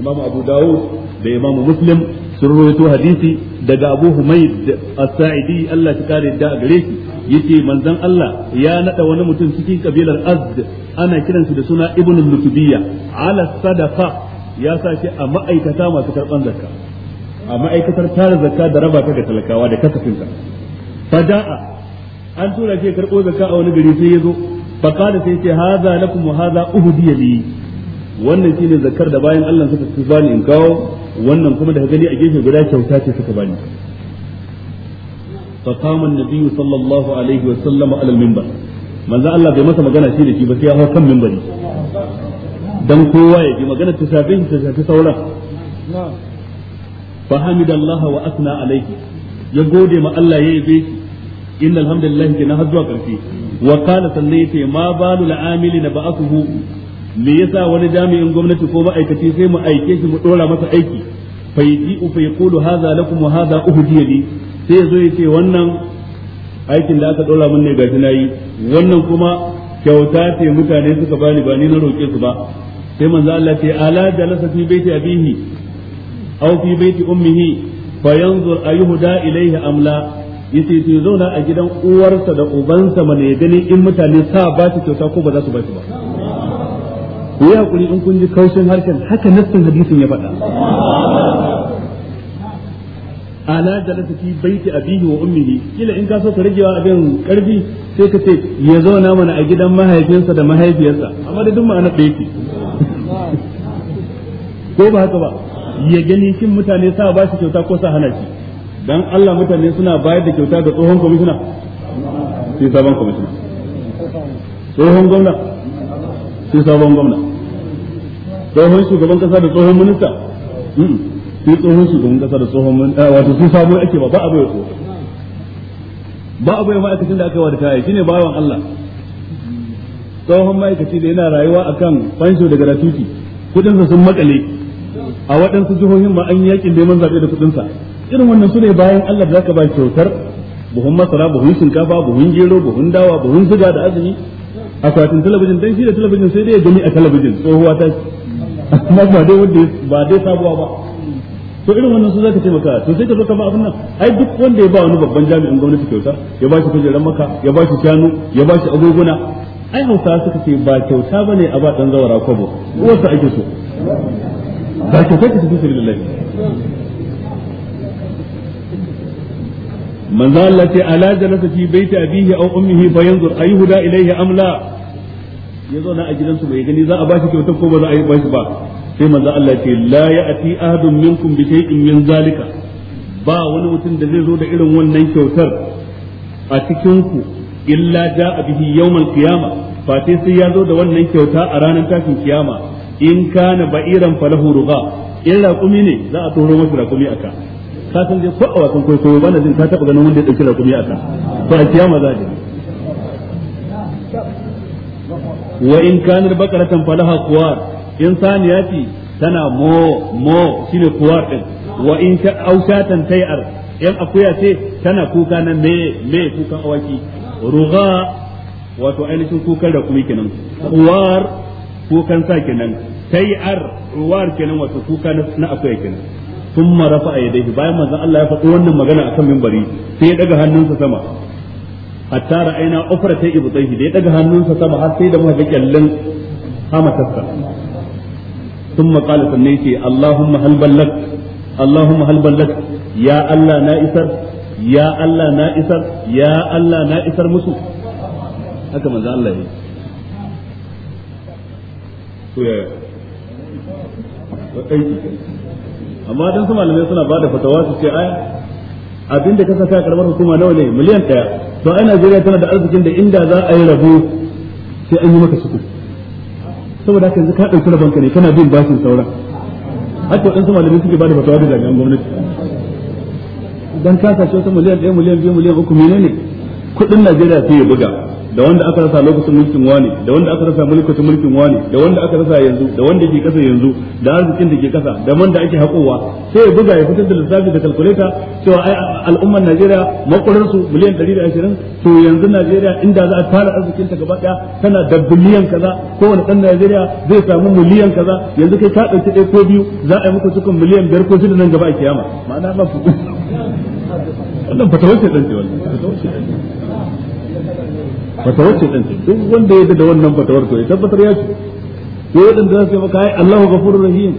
imam abu dawud da imam muslim sun rawaito hadisi daga Abu Humayd As-Sa'idi Allah ta kare da gare shi yace manzon Allah ya nada wani mutum cikin kabilar Azd ana kiransa da suna Ibn al-Lutubiyya ala sadaqa ya sa shi a ma'aikata masu karban zakka a ma'aikatar tara zakka da raba ta ga talakawa da kasafinta fada'a an tura shi karbo zakka a wani gari sai ya zo fa qala sai ce hadha lakum wa hadha uhdiya li wannan shine zakkar da bayan Allah suka bani in kawo wannan kuma da gani a gefe guda kyauta ce suka bani fa qama an-nabiy sallallahu alaihi wa sallam ala al-minbar manzo Allah bai masa magana shi da shi ba sai ya hau kan minbari dan kowa ya ji magana ta shafe shi ta shafe sauran fa hamidallahi wa asna alaihi ya gode ma Allah ya yabe shi innal hamdalillah kana har zuwa karfi wa qala sannan yace ma balu al-amili na ba'athu me yasa wani jami'in gwamnati ko ma'aikaci sai mu aike shi mu dora masa aiki fa yi u fa yaqulu hadha lakum wa hadha uhdi li sai yazo ya ce wannan aikin da aka dora mun ne gashi nayi wannan kuma kyauta ce mutane suka bani ba ni na roke su ba sai manzo Allah ce ala jalasa fi baiti abihi aw fi baiti ummihi fa yanzur ayuhda ilayhi amla, la yace to zauna a gidan uwarsa da ubansa mana ya gani in mutane sa ba su kyauta ko ba za su ba su ba ku yi hakuri in kun ji kaushin harshen haka nassin hadisin ya faɗa ala fi baiti abihi wa ummihi kila in ka so ka ragewa abin karfi sai ka ce ya zauna mana a gidan mahaifinsa da mahaifiyarsa amma da duk ma'ana ɗaya ce ko ba haka ba ya gani kin mutane sa ba shi kyauta ko sa hana shi dan Allah mutane suna bayar da kyauta ga tsohon kwamishina sai sabon kwamishina tsohon gwamna sai sabon gwamna tsohon shugaban kasa da tsohon minista hmm. sai tsohon shugaban kasa da tsohon minista eh, wato sun sabo ake ba ba a bai tsohon ba a bai ma'aikacin da aka yi wa da ta kaya shine bayan Allah tsohon ma'aikaci da yana rayuwa akan fansho daga ratuti kudinsa sun makale a waɗansu jihohin ma an yi yakin neman zaɓe da kudinsa irin wannan su ne bayan Allah da zaka ba kyautar buhun masara buhun shinkafa buhun gero buhun dawa buhun ziga da azumi satin talabijin dan shi da talabijin sai dai ya gani a talabijin tsohuwa ta amma ba dai wanda ba dai sabuwa ba to irin wannan su zaka ce maka to sai ka zo kama abin nan ai duk wanda ya ba wani babban jami'in gwamnati kyauta ya ba shi kujeran maka ya ba shi shanu ya ba shi agoguna ai hausa suka ce ba kyauta ba ne a ba dan zawara kwabo wata ake so ba kyauta ka tafi sabilillahi manzo Allah ce ala jalasa fi baiti abihi aw ummihi fa yanzur ayhuda ilayhi am la ya zauna a gidansu bai gani za a bashi kyautar ko ba za a yi bashi ba sai manzo Allah ce la ya'ti ahadun minkum bi shay'in min zalika ba wani mutum da zai zo da irin wannan kyautar a cikin ku illa ja'a bihi yawmal qiyama fa sai ya zo da wannan kyauta a ranar tashin kiyama in kana ba'iran falahu ruga in raƙumi ne za a turo masa raƙumi aka ka san dai ko a wasan kwaikwayo ba na jin ka taɓa ganin wanda ya ɗauki raƙumi aka to a kiyama za a wa in kanar bakaratan falaha kuwar in saniya ce tana mo mo shine kuwar din wa in ta aushatan tayar in akuya ce tana kuka na me me kukan awaki ruga wato ainihin kukan da kuma kenan kuwar kukan sa kenan tayar ruwar kenan wato kuka na akuya kenan sun marafa a yadda bayan manzon Allah ya faɗi wannan magana akan mimbari sai ya daga hannunsa sama hatta ra'ayna ufra ta ibtayhi da ya daga hannunsa sama har sai da muka ga kyallin hamatarsa ثم قال سنيتي اللهم هل بلغت اللهم هل بلغت يا الله نا يا الله نا يا الله نا isar musu haka manzo Allah yi amma dan su malamai suna bada fatawa su a ai abinda ka karamar hukuma nawa ne miliyan 1 to ai Najeriya tana da arzikin da inda za a yi rabo sai an yi maka suku saboda haka yanzu ka ɗauki rabon ka ne kana bin bashin sauran haka waɗansu malamai suke ba da fatawa da jami'an gwamnati dan ka sace wata miliyan ɗaya miliyan biyu miliyan uku menene kuɗin Najeriya sai ya buga da wanda aka rasa lokacin mulkin wani da wanda aka rasa mulkin mulkin wani da wanda aka rasa yanzu da wanda ke kasa yanzu da arzikin da ke kasa da man da ake haƙowa. sai ya buga ya fitar da lissafi da kalkuleta cewa ai al'ummar Najeriya makwarar su miliyan 120 to yanzu Najeriya inda za a tara arzikin ta gaba daya tana da biliyan kaza Ko wani dan Najeriya zai samu miliyan kaza yanzu kai ka dauki ɗaya ko biyu za a yi muku cikin miliyan biyar ko shida nan gaba a kiyama ma'ana ba ku wannan fatawar ce dan ce wannan fatawar ce ɗan duk wanda ya da wannan fatawar to ya tabbatar ya ce ko waɗanda za su yi maka ai Allahu ghafurur rahim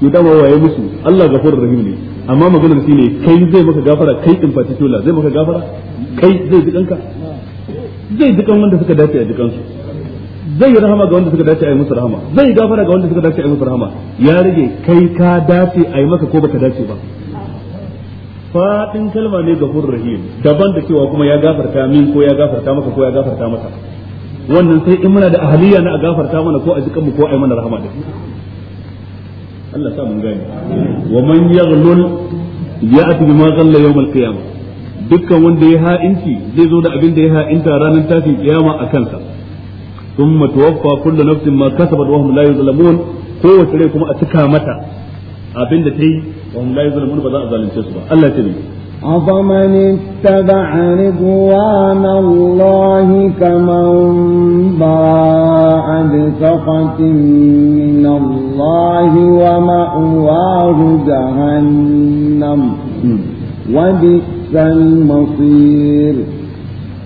ya dama waye musu Allah ghafurur rahim ne amma maganar shi ne kai zai maka gafara kai in tola zai maka gafara kai zai ji kanka zai ji wanda suka dace a jikansu zai rahama ga wanda suka dace a yi musu rahama zai gafara ga wanda suka dace a yi musu rahama ya rage kai ka dace a yi maka ko baka dace ba Faɗin kalma ne gafur rahim daban da cewa kuma ya gafarta min ko ya gafarta maka ko ya gafarta masa wannan sai in muna da ahaliya na a gafarta mana ko a jikan mu ko ai mana rahama da shi. Allah sa mun gane wa man yaghlul ya'ti bima ghalla yawm al-qiyamah dukkan wanda ya ha'inci zai zo da abin da ya ha'inta ranar tashin kiyama a kansa ثم توفى كل نفس ما كسبت وهم لا يظلمون kowace rai kuma a cika mata abin da ta yi وهم لا يظلمون بذاء ظالم تسبع الله تبي أفمن اتبع رضوان الله كمن باع بسخط من الله ومأواه جهنم وبئس المصير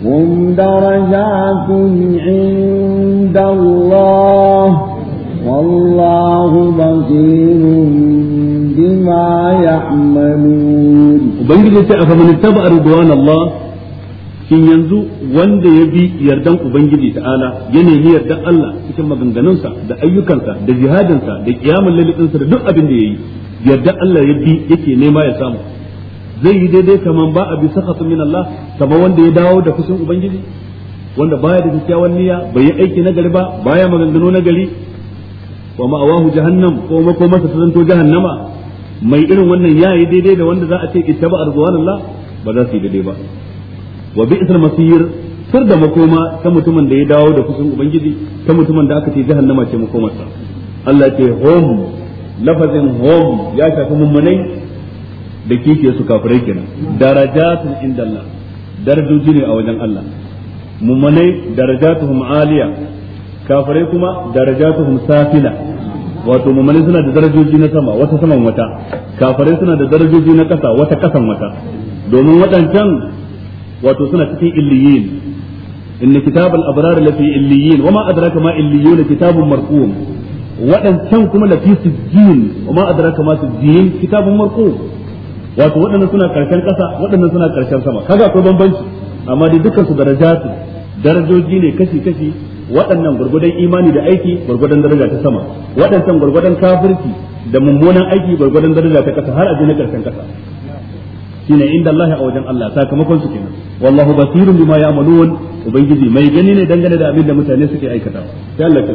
هم درجات عند الله والله بصير بما يعملون وبنجد يتعى فمن اتبع رضوان الله shin yanzu wanda ya bi yardan ubangiji ta'ala ya ni yardan Allah cikin maganganunsa da ayyukansa da jihadinsa da kiyamun lalitinsa da duk abin da yi. yardan Allah ya bi yake nema ya samu zai yi daidai kaman ba a bi sakhatun min Allah kamar wanda ya dawo da kusan ubangiji wanda baya da kyakkyawan niyya bai yi aiki na gari ba baya maganganu na gari wa ma'awahu jahannam ko makomarsa ta zanto jahannama mai irin wannan ya yi daidai da wanda za a ce ita ba arzuwan Allah ba za su yi daidai ba wa bi'sal masir sir da makoma ta mutumin da ya dawo da kusan ubangiji ta mutumin da aka ce jahannama ce makomarsa Allah ce hom lafazin hom ya shafi mummunai da kike su kafirai kenan darajatun indallah darajoji ne a wajen Allah mummunai darajatuhum aliya kafirai kuma darajatuhum safila wato mumane suna da darajoji na sama wata saman wata kafirai suna da darajoji na kasa wata kasan wata domin waɗancan wato suna cikin illiyin inna kitabal abrar lafi illiyin wama adraka ma illiyun kitabun marqum waɗancan kuma lafi sijjin wama adraka ma sijjin kitabun marqum wato waɗannan suna karshen ƙasa waɗannan suna karshen sama kaga akwai bambanci amma dai dukkan su darajatu darajoji ne kashi kashi waɗannan gurgudan imani da aiki gurgudan daraja ta sama waɗannan gurgudan kafirki da mummunan aiki gurgudan daraja ta ƙasa har a jini ƙarshen ƙasa shine inda Allah a wajen Allah sakamakon su kenan wallahu basirun bima ya'malun ubangiji mai gani ne dangane da abin da mutane suke aikata sai Allah ya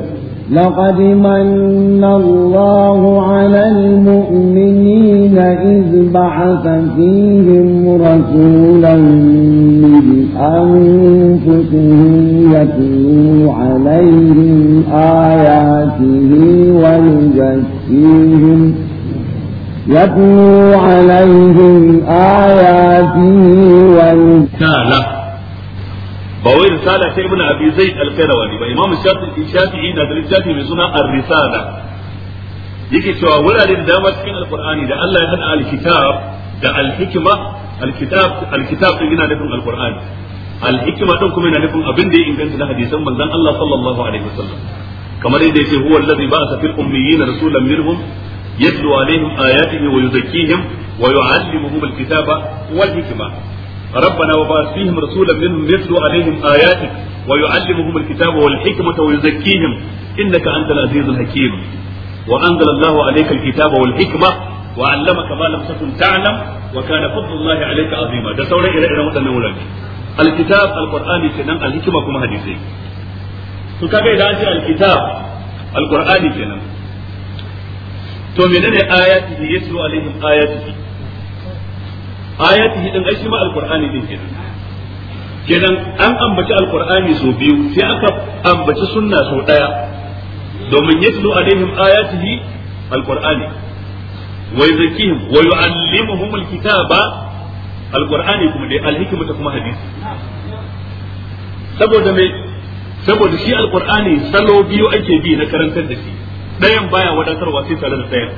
لقد من الله على المؤمنين إذ بعث فيهم رسولا من أنفسهم يتلو عليهم آياته ويزكيهم يتلو عليهم آياته ويزكيهم ba wai risala ta ibnu abi zaid al-qayrawani ba imamu shafi'i na da littafi mai suna ar-risala yake cewa wurare da dama cikin alqur'ani da Allah ya hada al-kitab da al-hikma al din yana nufin al-qur'ani al kuma yana nufin abin da ya inganta da hadisan manzon Allah sallallahu alaihi wasallam kamar yadda yake huwa allazi ba'atha fil ummiyina rasulan minhum yatlu alaihim ayatihi wa yuzakkihim wa yu'allimuhum al-kitaba wal hikma ربنا وبعث فيهم رسولا منهم يتلو عليهم آياتك ويعلمهم الكتاب والحكمة ويزكيهم إنك أنت العزيز الحكيم وأنزل الله عليك الكتاب والحكمة وعلمك ما لم تكن تعلم وكان فضل الله عليك عظيما ده سورة إلى إلى مدن ولك الكتاب القرآن كنان الحكمة كما حديثي تكابي إذا الكتاب القرآن كنان to menene ayatihi yatlu alaihim ayatihi ayatihi din ai shi ma alqur'ani din kenan kenan an ambaci alqur'ani sau biyu sai aka ambaci sunna sau daya domin yatlu alaihim ayatihi alqur'ani wa yuzakkihim wa yuallimuhum alkitaba alqur'ani kuma dai ta kuma hadisi saboda me saboda shi alqur'ani salo biyu ake bi na karantar da shi dayan baya wadatarwa sai tare da dayan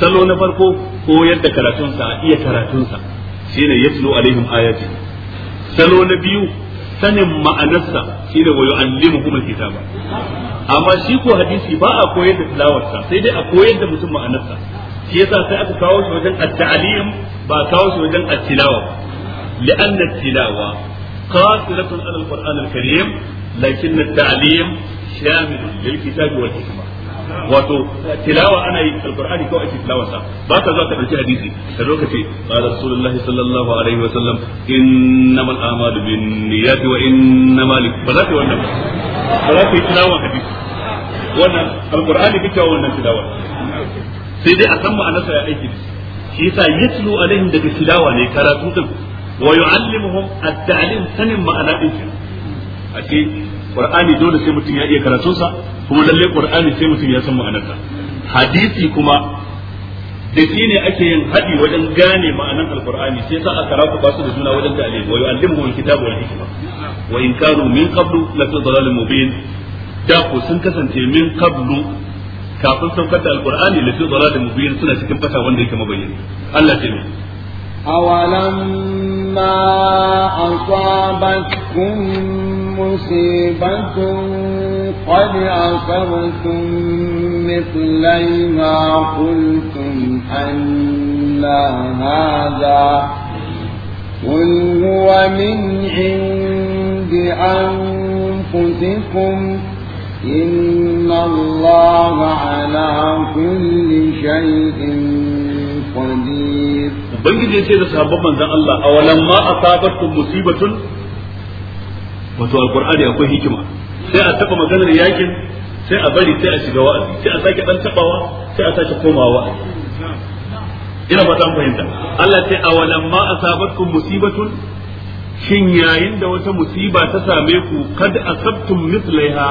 salo na farko koyar da karatunsa a iya karatunsa ya yatlu alaihim ayati salo na biyu sanin ma'anarsa shi wayo an shine wa yu'allimukum ba. amma shi ko hadisi ba a koyar da tilawarsa sai dai a koyar da mutum ma'anarsa shi yasa sai aka kawo shi wajen at-ta'lim ba kawo shi wajen at-tilawa لأن التلاوة قاصرة على القرآن الكريم لكن التعليم شامل للكتاب والحكمة wato tilawa ana yi alqur'ani kawai ake tilawa sa ba ka zuwa ka dauki hadisi ka zo ka ce qala rasulullahi sallallahu alaihi wa sallam innamal a'malu bin binniyati wa innamal ba za ka wannan ba za ka yi tilawa hadisi wannan alqur'ani kike wannan tilawa sai dai a san ma'anarsa ya aiki shi yasa yatlu alaihim daga tilawa ne karatu din wa yu'allimuhum at-ta'lim sanin ma'ana din a ce qur'ani dole sai mutum ya iya karatunsa kuma lalle qur'ani sai mutum ya san ma'anarsa hadisi kuma da shi ne ake yin haɗi wajen gane ma'anar alqur'ani sai sa aka rafa ba da juna wajen ta'lim wa yu'allimuhu alkitaba wal hikma wa in kanu min qablu la fi dhalalin mubin da ku sun kasance min qablu kafin saukar da alqur'ani la fi dhalalin mubin suna cikin fata wanda yake mabayyana Allah ya ce أولما أصابتكم مصيبة قد عصبتم مثليها قلتم أن هذا قل هو من عند أنفسكم إن الله على كل شيء qadir ubangiji ya ce da sahabban manzon Allah awalan ma wato alqur'ani akwai hikima sai a taba maganar yakin sai a bari sai a shiga wa'azi sai a sake dan tabawa sai a sake komawa wa'azi ina ba tan fahimta Allah sai awalan ma asabatkum musibatun shin yayin da wata musiba ta same ku kad asabtum mithlaiha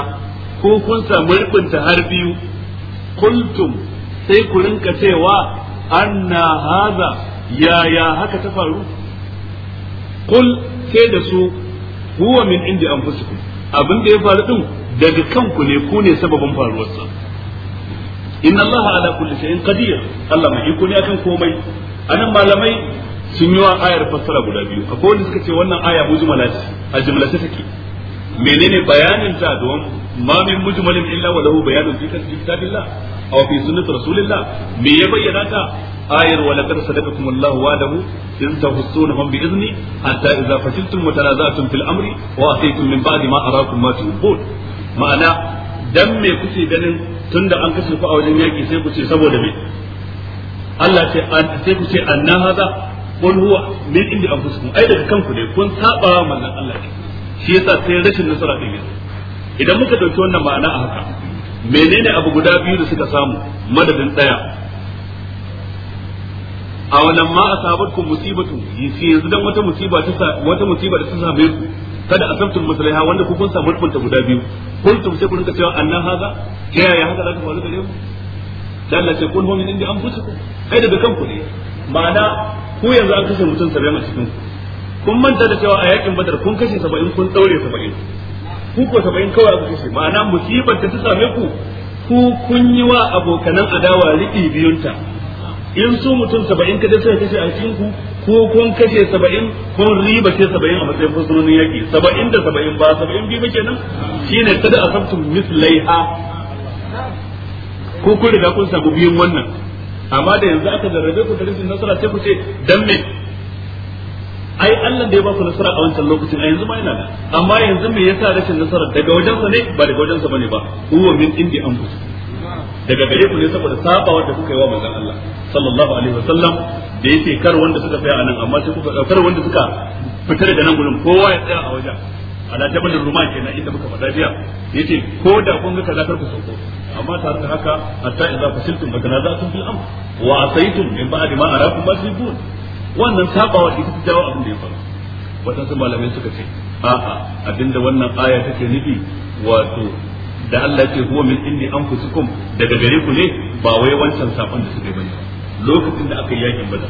ko kun samu rubunta har biyu kultum sai ku rinka cewa anna haza yaya haka ta faru kul sai da su huwa min indi anfusikum abin da ya faru din daga kanku ne ku ne sababin faruwarsa inna allaha ala kulli shay'in qadir Allah mai iko ne akan komai anan malamai sun yi wa ayar fassara guda biyu akwai wanda suka ce wannan aya mujmala ce a jumlace take menene bayanin ta don ma min mujmalin illa wa lahu bayanun fi kitabillah aw fi sunnati rasulillah me ya bayyana ta ayar wa laqad sadaqakum Allahu wa'dahu in tahussunahum bi idni hatta idza fashiltum wa tanaza'tum fil amri wa ataytum min ba'di ma arakum ma tuhibbun ma'ana dan me kuke ganin tunda an kashe ku a wajen yaki sai ku ce saboda me Allah ce sai ku ce anna hada qul huwa min indi anfusikum ai daga kanku ne kun saba manzon Allah shi sai rashin nasara din idan muka dauki wannan ma'ana a haka menene abu guda biyu da suka samu madadin daya awalan ma asabatkum musibatu yanzu dan wata musiba ta wata musiba da ta same ku kada asabtum maslaha wanda ku kun samu rubunta guda biyu kuntum sai ku rinka cewa annan haza ta yaya haka za ta faru gare ku dan la takun hu min indi anfusikum kai daga kanku ne ma'ana ku yanzu an kashe mutum sabai a cikin ku kun manta da cewa a yakin badar kun kashe 70 kun daure 70 ku ko 70 kawai aka kashe ma'ana musibar da ta same ku ku kun yi wa abokanan adawa riƙi biyunta in su mutum saba'in kada suka kashe a ko kun kashe saba'in kun riba ce saba'in a matsayin fursunonin yaki saba'in da saba'in ba saba'in biyu ba kenan shine kada asabtum mislaiha ko kun riga kun samu biyun wannan amma da yanzu aka jarrabe ku da rufin nasara sai ku ce dan me ai Allah da ya ba ku nasara a wancan lokacin a yanzu ma yana amma yanzu me yasa rashin nasara daga wajensa ne ba daga wajensa bane ba huwa min indi anfusikum daga gare ku ne saboda saba da kuka yi wa manzon Allah sallallahu alaihi wasallam da yake kar wanda suka tsaya anan amma sai kuka kar wanda suka fita daga nan gurin kowa ya tsaya a wajen ala jabal ruma kenan inda muka fada biya yace ko da kun ga kaza kar ku sauko amma tare da haka hatta idza fasiltum kana tanaza'tum fil amr wa asaytum min ba'di ma arakum basibun wannan sabawa ita ta jawo abin da ya faru sun malamai suka ce a'a abinda wannan aya take nufi wato da Allah ke huwa min fi anfusikum daga gare ku ne ba wai wancan sakon da suka yi bane lokacin da aka yi yakin bada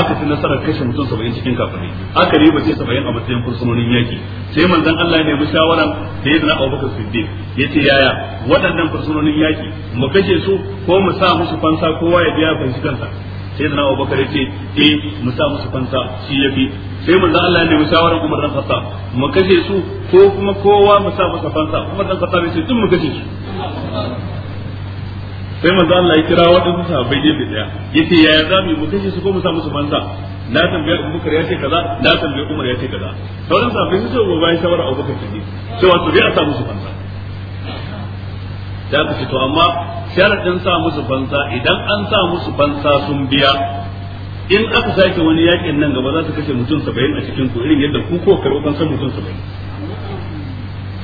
aka ci nasarar kashe mutum saba'in cikin kafirai aka yi ce saba'in a matsayin fursunonin yaki sai manzon Allah ne mu shawaran da yadda Abu Bakar Siddiq yace yaya waɗannan fursunonin yaki mu kashe su ko mu sa musu fansa kowa ya biya fanshi kansa sai da Abu Bakar yace eh mu sa musu fansa shi fi sai mu Allah ne mu shawaran Umar dan Khattab mu kashe su ko kuma kowa mu sa masa fansa Umar dan Khattab sai tun mu kashe su sai manzo Allah ya kira waɗansu sahabbai gefe daya yace yaya za mu kashe su ko mu sa musu fansa na tambaye Abu Bakar ya ce kaza na tambaye Umar ya ce kaza sauran sahabbai su ce gobe shawara Abu Bakar ce cewa to bai a sa musu fansa da aka ce to amma sharadin sa musu fansa idan an sa musu fansa sun biya in aka sake wani yakin nan gaba za su kashe mutum saba'in a cikin ku irin yadda ku ko karɓi fansar mutum saba'in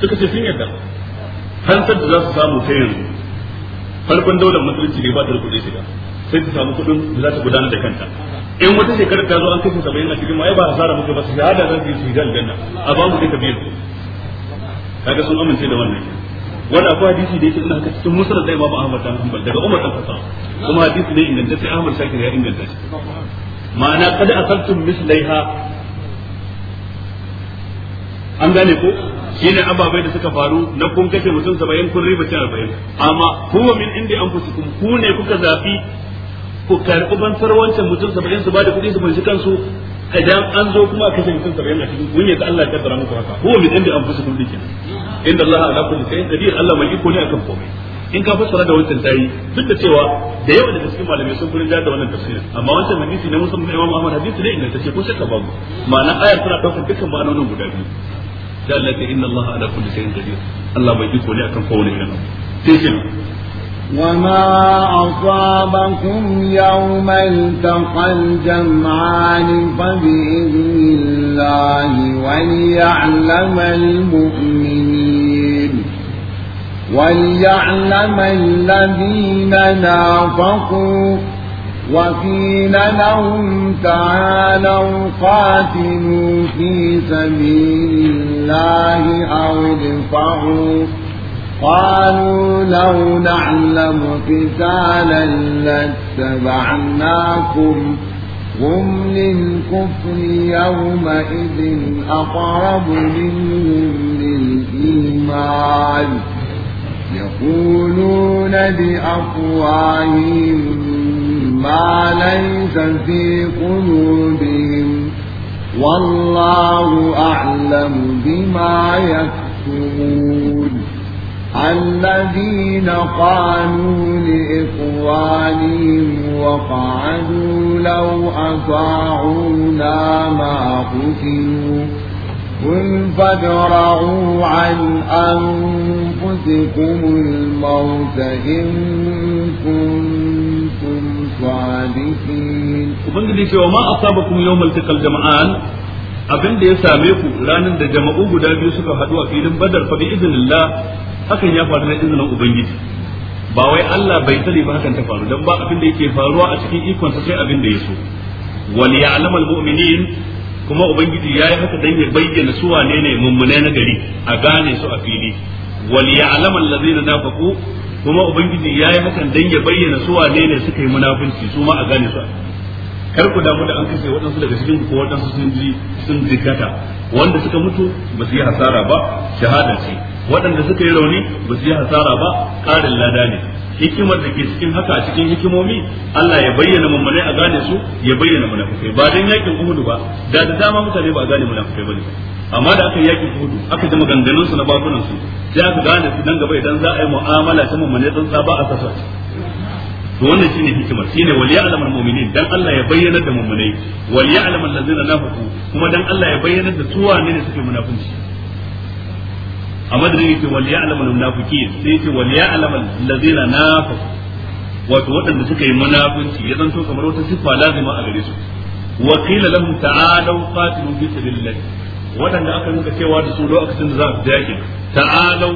suka ce sun yadda fansar da za su samu ta yanzu farkon daular musulunci ne ba ta kuɗi shiga sai ta samu kuɗin da za ta gudanar da kanta in wata shekarar ta zo an kashe saba'in a cikin ma ai ba hasara muke ba su shahada za su yi su yi a ba mu duka biyu kaga sun amince da wannan wani akwai hadisi da yake ina haka cikin musulun da imamu ahmad dan hanbal daga umar dan fasa kuma hadisi ne inganta sai ahmad shakir ya inganta shi ma'ana kada asaltum mislaiha an gane ko shine ababai da suka faru na kun kashe mutum saba'in kun riba cin arba'in amma kuwa min indi kun ku ne kuka zafi ku karɓi bantar wancan mutum saba'in su ba da kuɗi su fanshi kansu idan an zo kuma a kashe mutum saba'in a cikin kun da Allah ya kaddara muku haka kuwa min indi anfusikum dikin inna Allah ala kulli shay'in qadir Allah mai iko ne akan komai in ka fassara da wancan tayi duk da cewa da yawa da cikin malamai sun gurin da wannan tafsirin amma wancan hadisi ne musamman Imam Ahmad hadisi ne ingantacce ko shakka babu ma'ana ayar tana daukar dukkan ma'anonin guda biyu da Allah ta inna Allah ala kulli shay'in qadir Allah mai iko ne akan kowane irin abu sai shi وما أصابكم يوم التقى الجمعان فبإذن الله وليعلم المؤمنين وليعلم الذين نافقوا وقيل لهم تعالوا قاتلوا في سبيل الله أو ادفعوا قالوا لو نعلم قتالا لاتبعناكم هم للكفر يومئذ أقرب منهم للإيمان يقولون بأفواههم ما ليس في قلوبهم والله أعلم بما يكتمون الذين قالوا لإخوانهم وقعدوا لو أطاعونا ما قتلوا قل فادرعوا عن أنفسكم الموت إن كنتم صادقين وبنجد يشوى وما أصابكم يوم التقى الجمعان abin da ya same ku ranar da jama'u guda biyu suka haɗu a filin badar fa bi la, hakan ya faru na izinin ubangiji ba wai Allah bai sani ba hakan ta faru dan ba abin da yake faruwa a cikin ikon sa sai abin da ya so wal ya'lamal mu'minin kuma ubangiji ya yi haka dan ya bayyana su wane ne mummune na gari a gane su a fili wal ya'lamu allazina nafaqu kuma ubangiji ya yi hakan dan ya bayyana su wane ne suka yi munafunci su ma a gane su kar ku damu da an kashe waɗansu daga cikin ko waɗansu sun ji sun jikata wanda suka mutu ba su yi hasara ba shahada ce waɗanda suka yi rauni ba su yi hasara ba ƙarin lada ne hikimar da ke cikin haka a cikin hikimomi Allah ya bayyana mummunai a gane su ya bayyana munafikai ba dan yakin Uhud ba da da dama mutane ba a gane munafikai bane amma da aka yakin Uhud aka ji maganganun su na bakunan su sai aka gane su dan gaba idan za a yi mu'amala ta mummunai tsantsa ba a sasa to wannan shine hikimar shine wal ya'lam al mu'minin dan Allah ya bayyana da mummunai wal ya'lam allazina nafaqu kuma dan Allah ya bayyana da su wane ne suke munafunci a madadin yace wal ya'lamu al munafiqin sai yace wal ya'lamu allazina nafaqu wato waɗanda suka yi munafunci ya zanto kamar wata siffa lazima a gare su wa qila lahum ta'alu qatilu fi sabilillah waɗanda aka nuna cewa da su lokacin da za su yaki ta'alu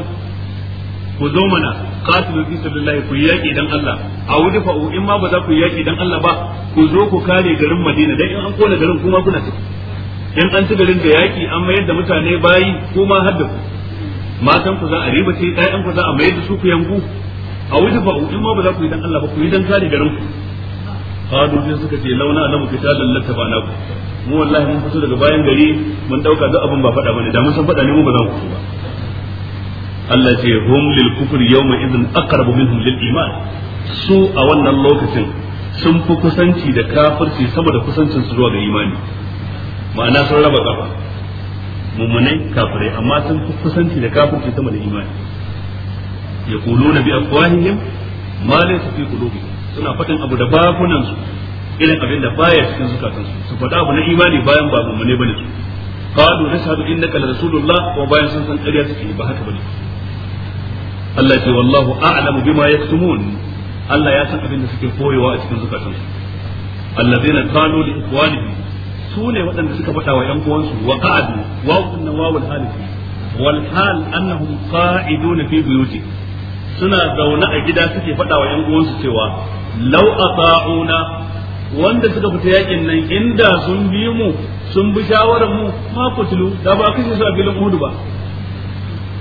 ku zo mana qatilu fi sabilillah ku yaki dan Allah a wuri fa in ma ba za ku yaki dan Allah ba ku zo ku kare garin Madina dan in an kona garin kuma kuna ciki in an ci garin da yaki an mayar da mutane bayi kuma har da ku matan ku za a riba ce ƴaƴan ku za a mayar da su ku yanku a wajen ba in ma ba za ku yi dan Allah ba ku yi dan kare garin ku kadu sai suka ce launa alamu kitalan latabana ku mu wallahi mun fito daga bayan gari mun dauka duk abin ba faɗa bane da mun san faɗa ne mu ba za mu ba Allah ce hum lil kufri yawma idhin aqrabu minhum lil iman su a wannan lokacin sun fi kusanci da kafirci sama da kusancin su zuwa ga imani ma'ana sun raba kafa mummunai kafirai amma sun fi kusanci da kafirci sama da imani ya na bi afwahihim ma laysa fi qulubihim suna faɗin abu da bakunan su irin abin da baya cikin zukatan su su faɗa abu na imani bayan ba mummune bane su qalu nashhadu innaka la rasulullah wa bayan sun san ƙarya suke ba haka bane Allah ce wallahu a'lamu bima yaktumun Allah ya san abin da suke koyewa a cikin zukatan su alladheena qalu li ikhwanihim su ne waɗanda suka faɗa wa 'yan uwansu wa qa'adu wa kunna wawul halifi wal hal annahum qa'idun fi buyuti suna zaune a gida suke faɗa wa 'yan uwansu cewa law ata'una wanda suka fita yakin nan inda sun bi mu sun bi shawaran mu ma kutulu da ba kashe su a filin Uhud ba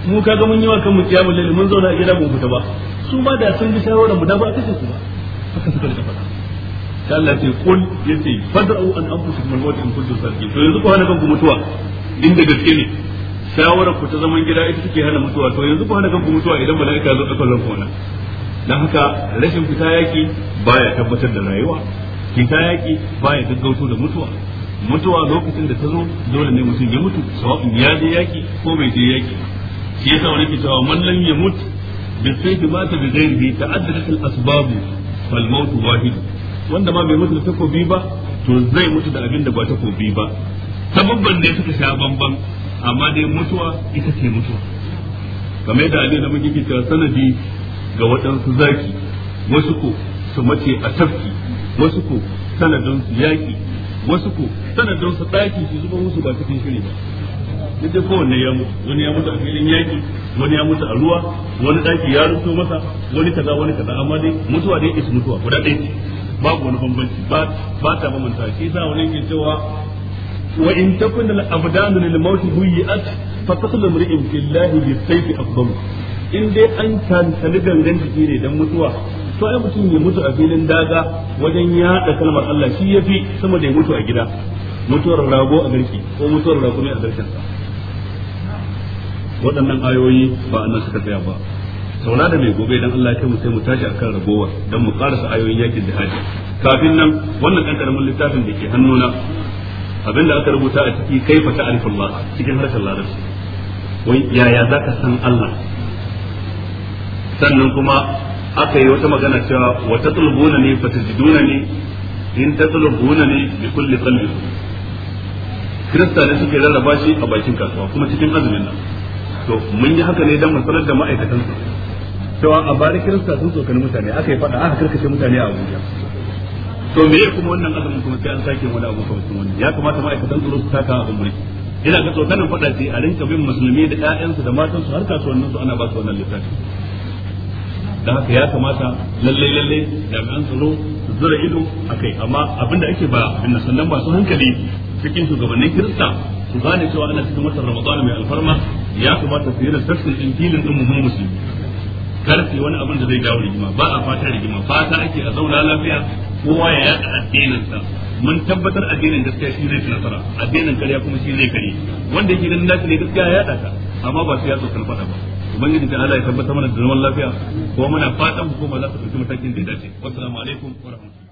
mu kaga mun yi wa kanmu kiyamul lail mun zauna a gida mu fita ba su ma da sun bi shawaran mu da ba kashe su ba haka suka faɗa sai Allah ce kul yace fad'u an anfusikum al-maut in kuntum sadiqin to yanzu ko hana kanku mutuwa din da gaske ne shawara ku ta zaman gida ita take hana mutuwa to yanzu ku hana kanku mutuwa idan mala'ika zo aka zan kona dan haka rashin fita yaki baya tabbatar da rayuwa fita yaki baya gaggauto da mutuwa mutuwa lokacin da ta zo dole ne mutum ya mutu sawa'in ya je yaki ko bai je yaki shi yasa wani ke cewa man lam yamut bi sayfi mata bi ghairihi ta'addadat al-asbab fal maut wahid wanda ma bai mutu da takobi ba to zai mutu da abin da ba takobi ba sababban ne suka sha bamban amma dai mutuwa ita ce mutuwa kamar da ali da muke cewa sanadi ga waɗansu zaki wasu ko su mace a tafki wasu ko sanadin su yaƙi wasu ko sanadin su ɗaki su zuba musu ba cikin shiri ba duk kowanne ya mutu wani ya mutu a filin yaƙi wani ya mutu a ruwa wani ɗaki ya rufe masa wani kaza wani kaza amma dai mutuwa dai isu mutuwa guda ɗaya babu wani bambanci ba ba ta bambanta shi sa wani yake cewa wa in takun al abdanu lil maut buyi'at fa qatlu imri'in billahi bi sayfi afdalu in dai an tantali gangan jiki ne dan mutuwa to ai mutum ya mutu a filin daga wajen yada kalmar Allah shi yafi sama da ya mutu a gida mutuwar rago a garki ko mutuwar rago ne a garkensa waɗannan ayoyi ba annan suka tsaya ba saura da mai gobe dan Allah ya mu sai mu tashi akan ragowa dan mu karasa ayoyin yakin jihadi kafin nan wannan kan karamin littafin da ke hannuna abinda aka rubuta a ciki kaifa ta'rifullah cikin harshen larabci wai yaya zaka san Allah sannan kuma aka yi wata magana cewa wa tatlubuna ne fatajiduna ni in tatlubuna ne bi kulli qalbin kirista ne suke rarraba shi a bakin kasuwa kuma cikin azumin nan to mun yi haka ne dan mu sanar da ma'aikatan su cewa a bari kirista sun tsokani mutane aka yi faɗa aka karkace mutane a Abuja to me kuma wannan azumin kuma sai an sake wani abu kawai wani ya kamata ma'aikatan tsaro su taka a mulki ina ga tsokanin faɗa ce a rinka bin musulmi da ƴaƴansu da matansu har su ana ba su wannan littafi da haka ya kamata lalle lalle jami'an tsaro su zura ido kai amma abin da ake ba abin sannan masu hankali cikin shugabannin kirista su gane cewa ana cikin watan ramadana mai alfarma ya kamata su yi da tafsir injilin filin din mu musulmi karfe wani abin da zai jawo rigima ba a fata rigima fata ake a zauna lafiya kowa ya yaɗa addinin sa mun tabbatar addinin gaskiya shi zai fi nasara addinin karya kuma shi zai kare wanda yake ganin lafiya gaskiya ya yaɗa ta amma ba su ya tsokar faɗa ba ubangiji ta Allah ya tabbatar mana da zaman lafiya ko muna fatan hukuma za ta ɗauki matakin da ya dace wassalamu alaikum wa rahmatullahi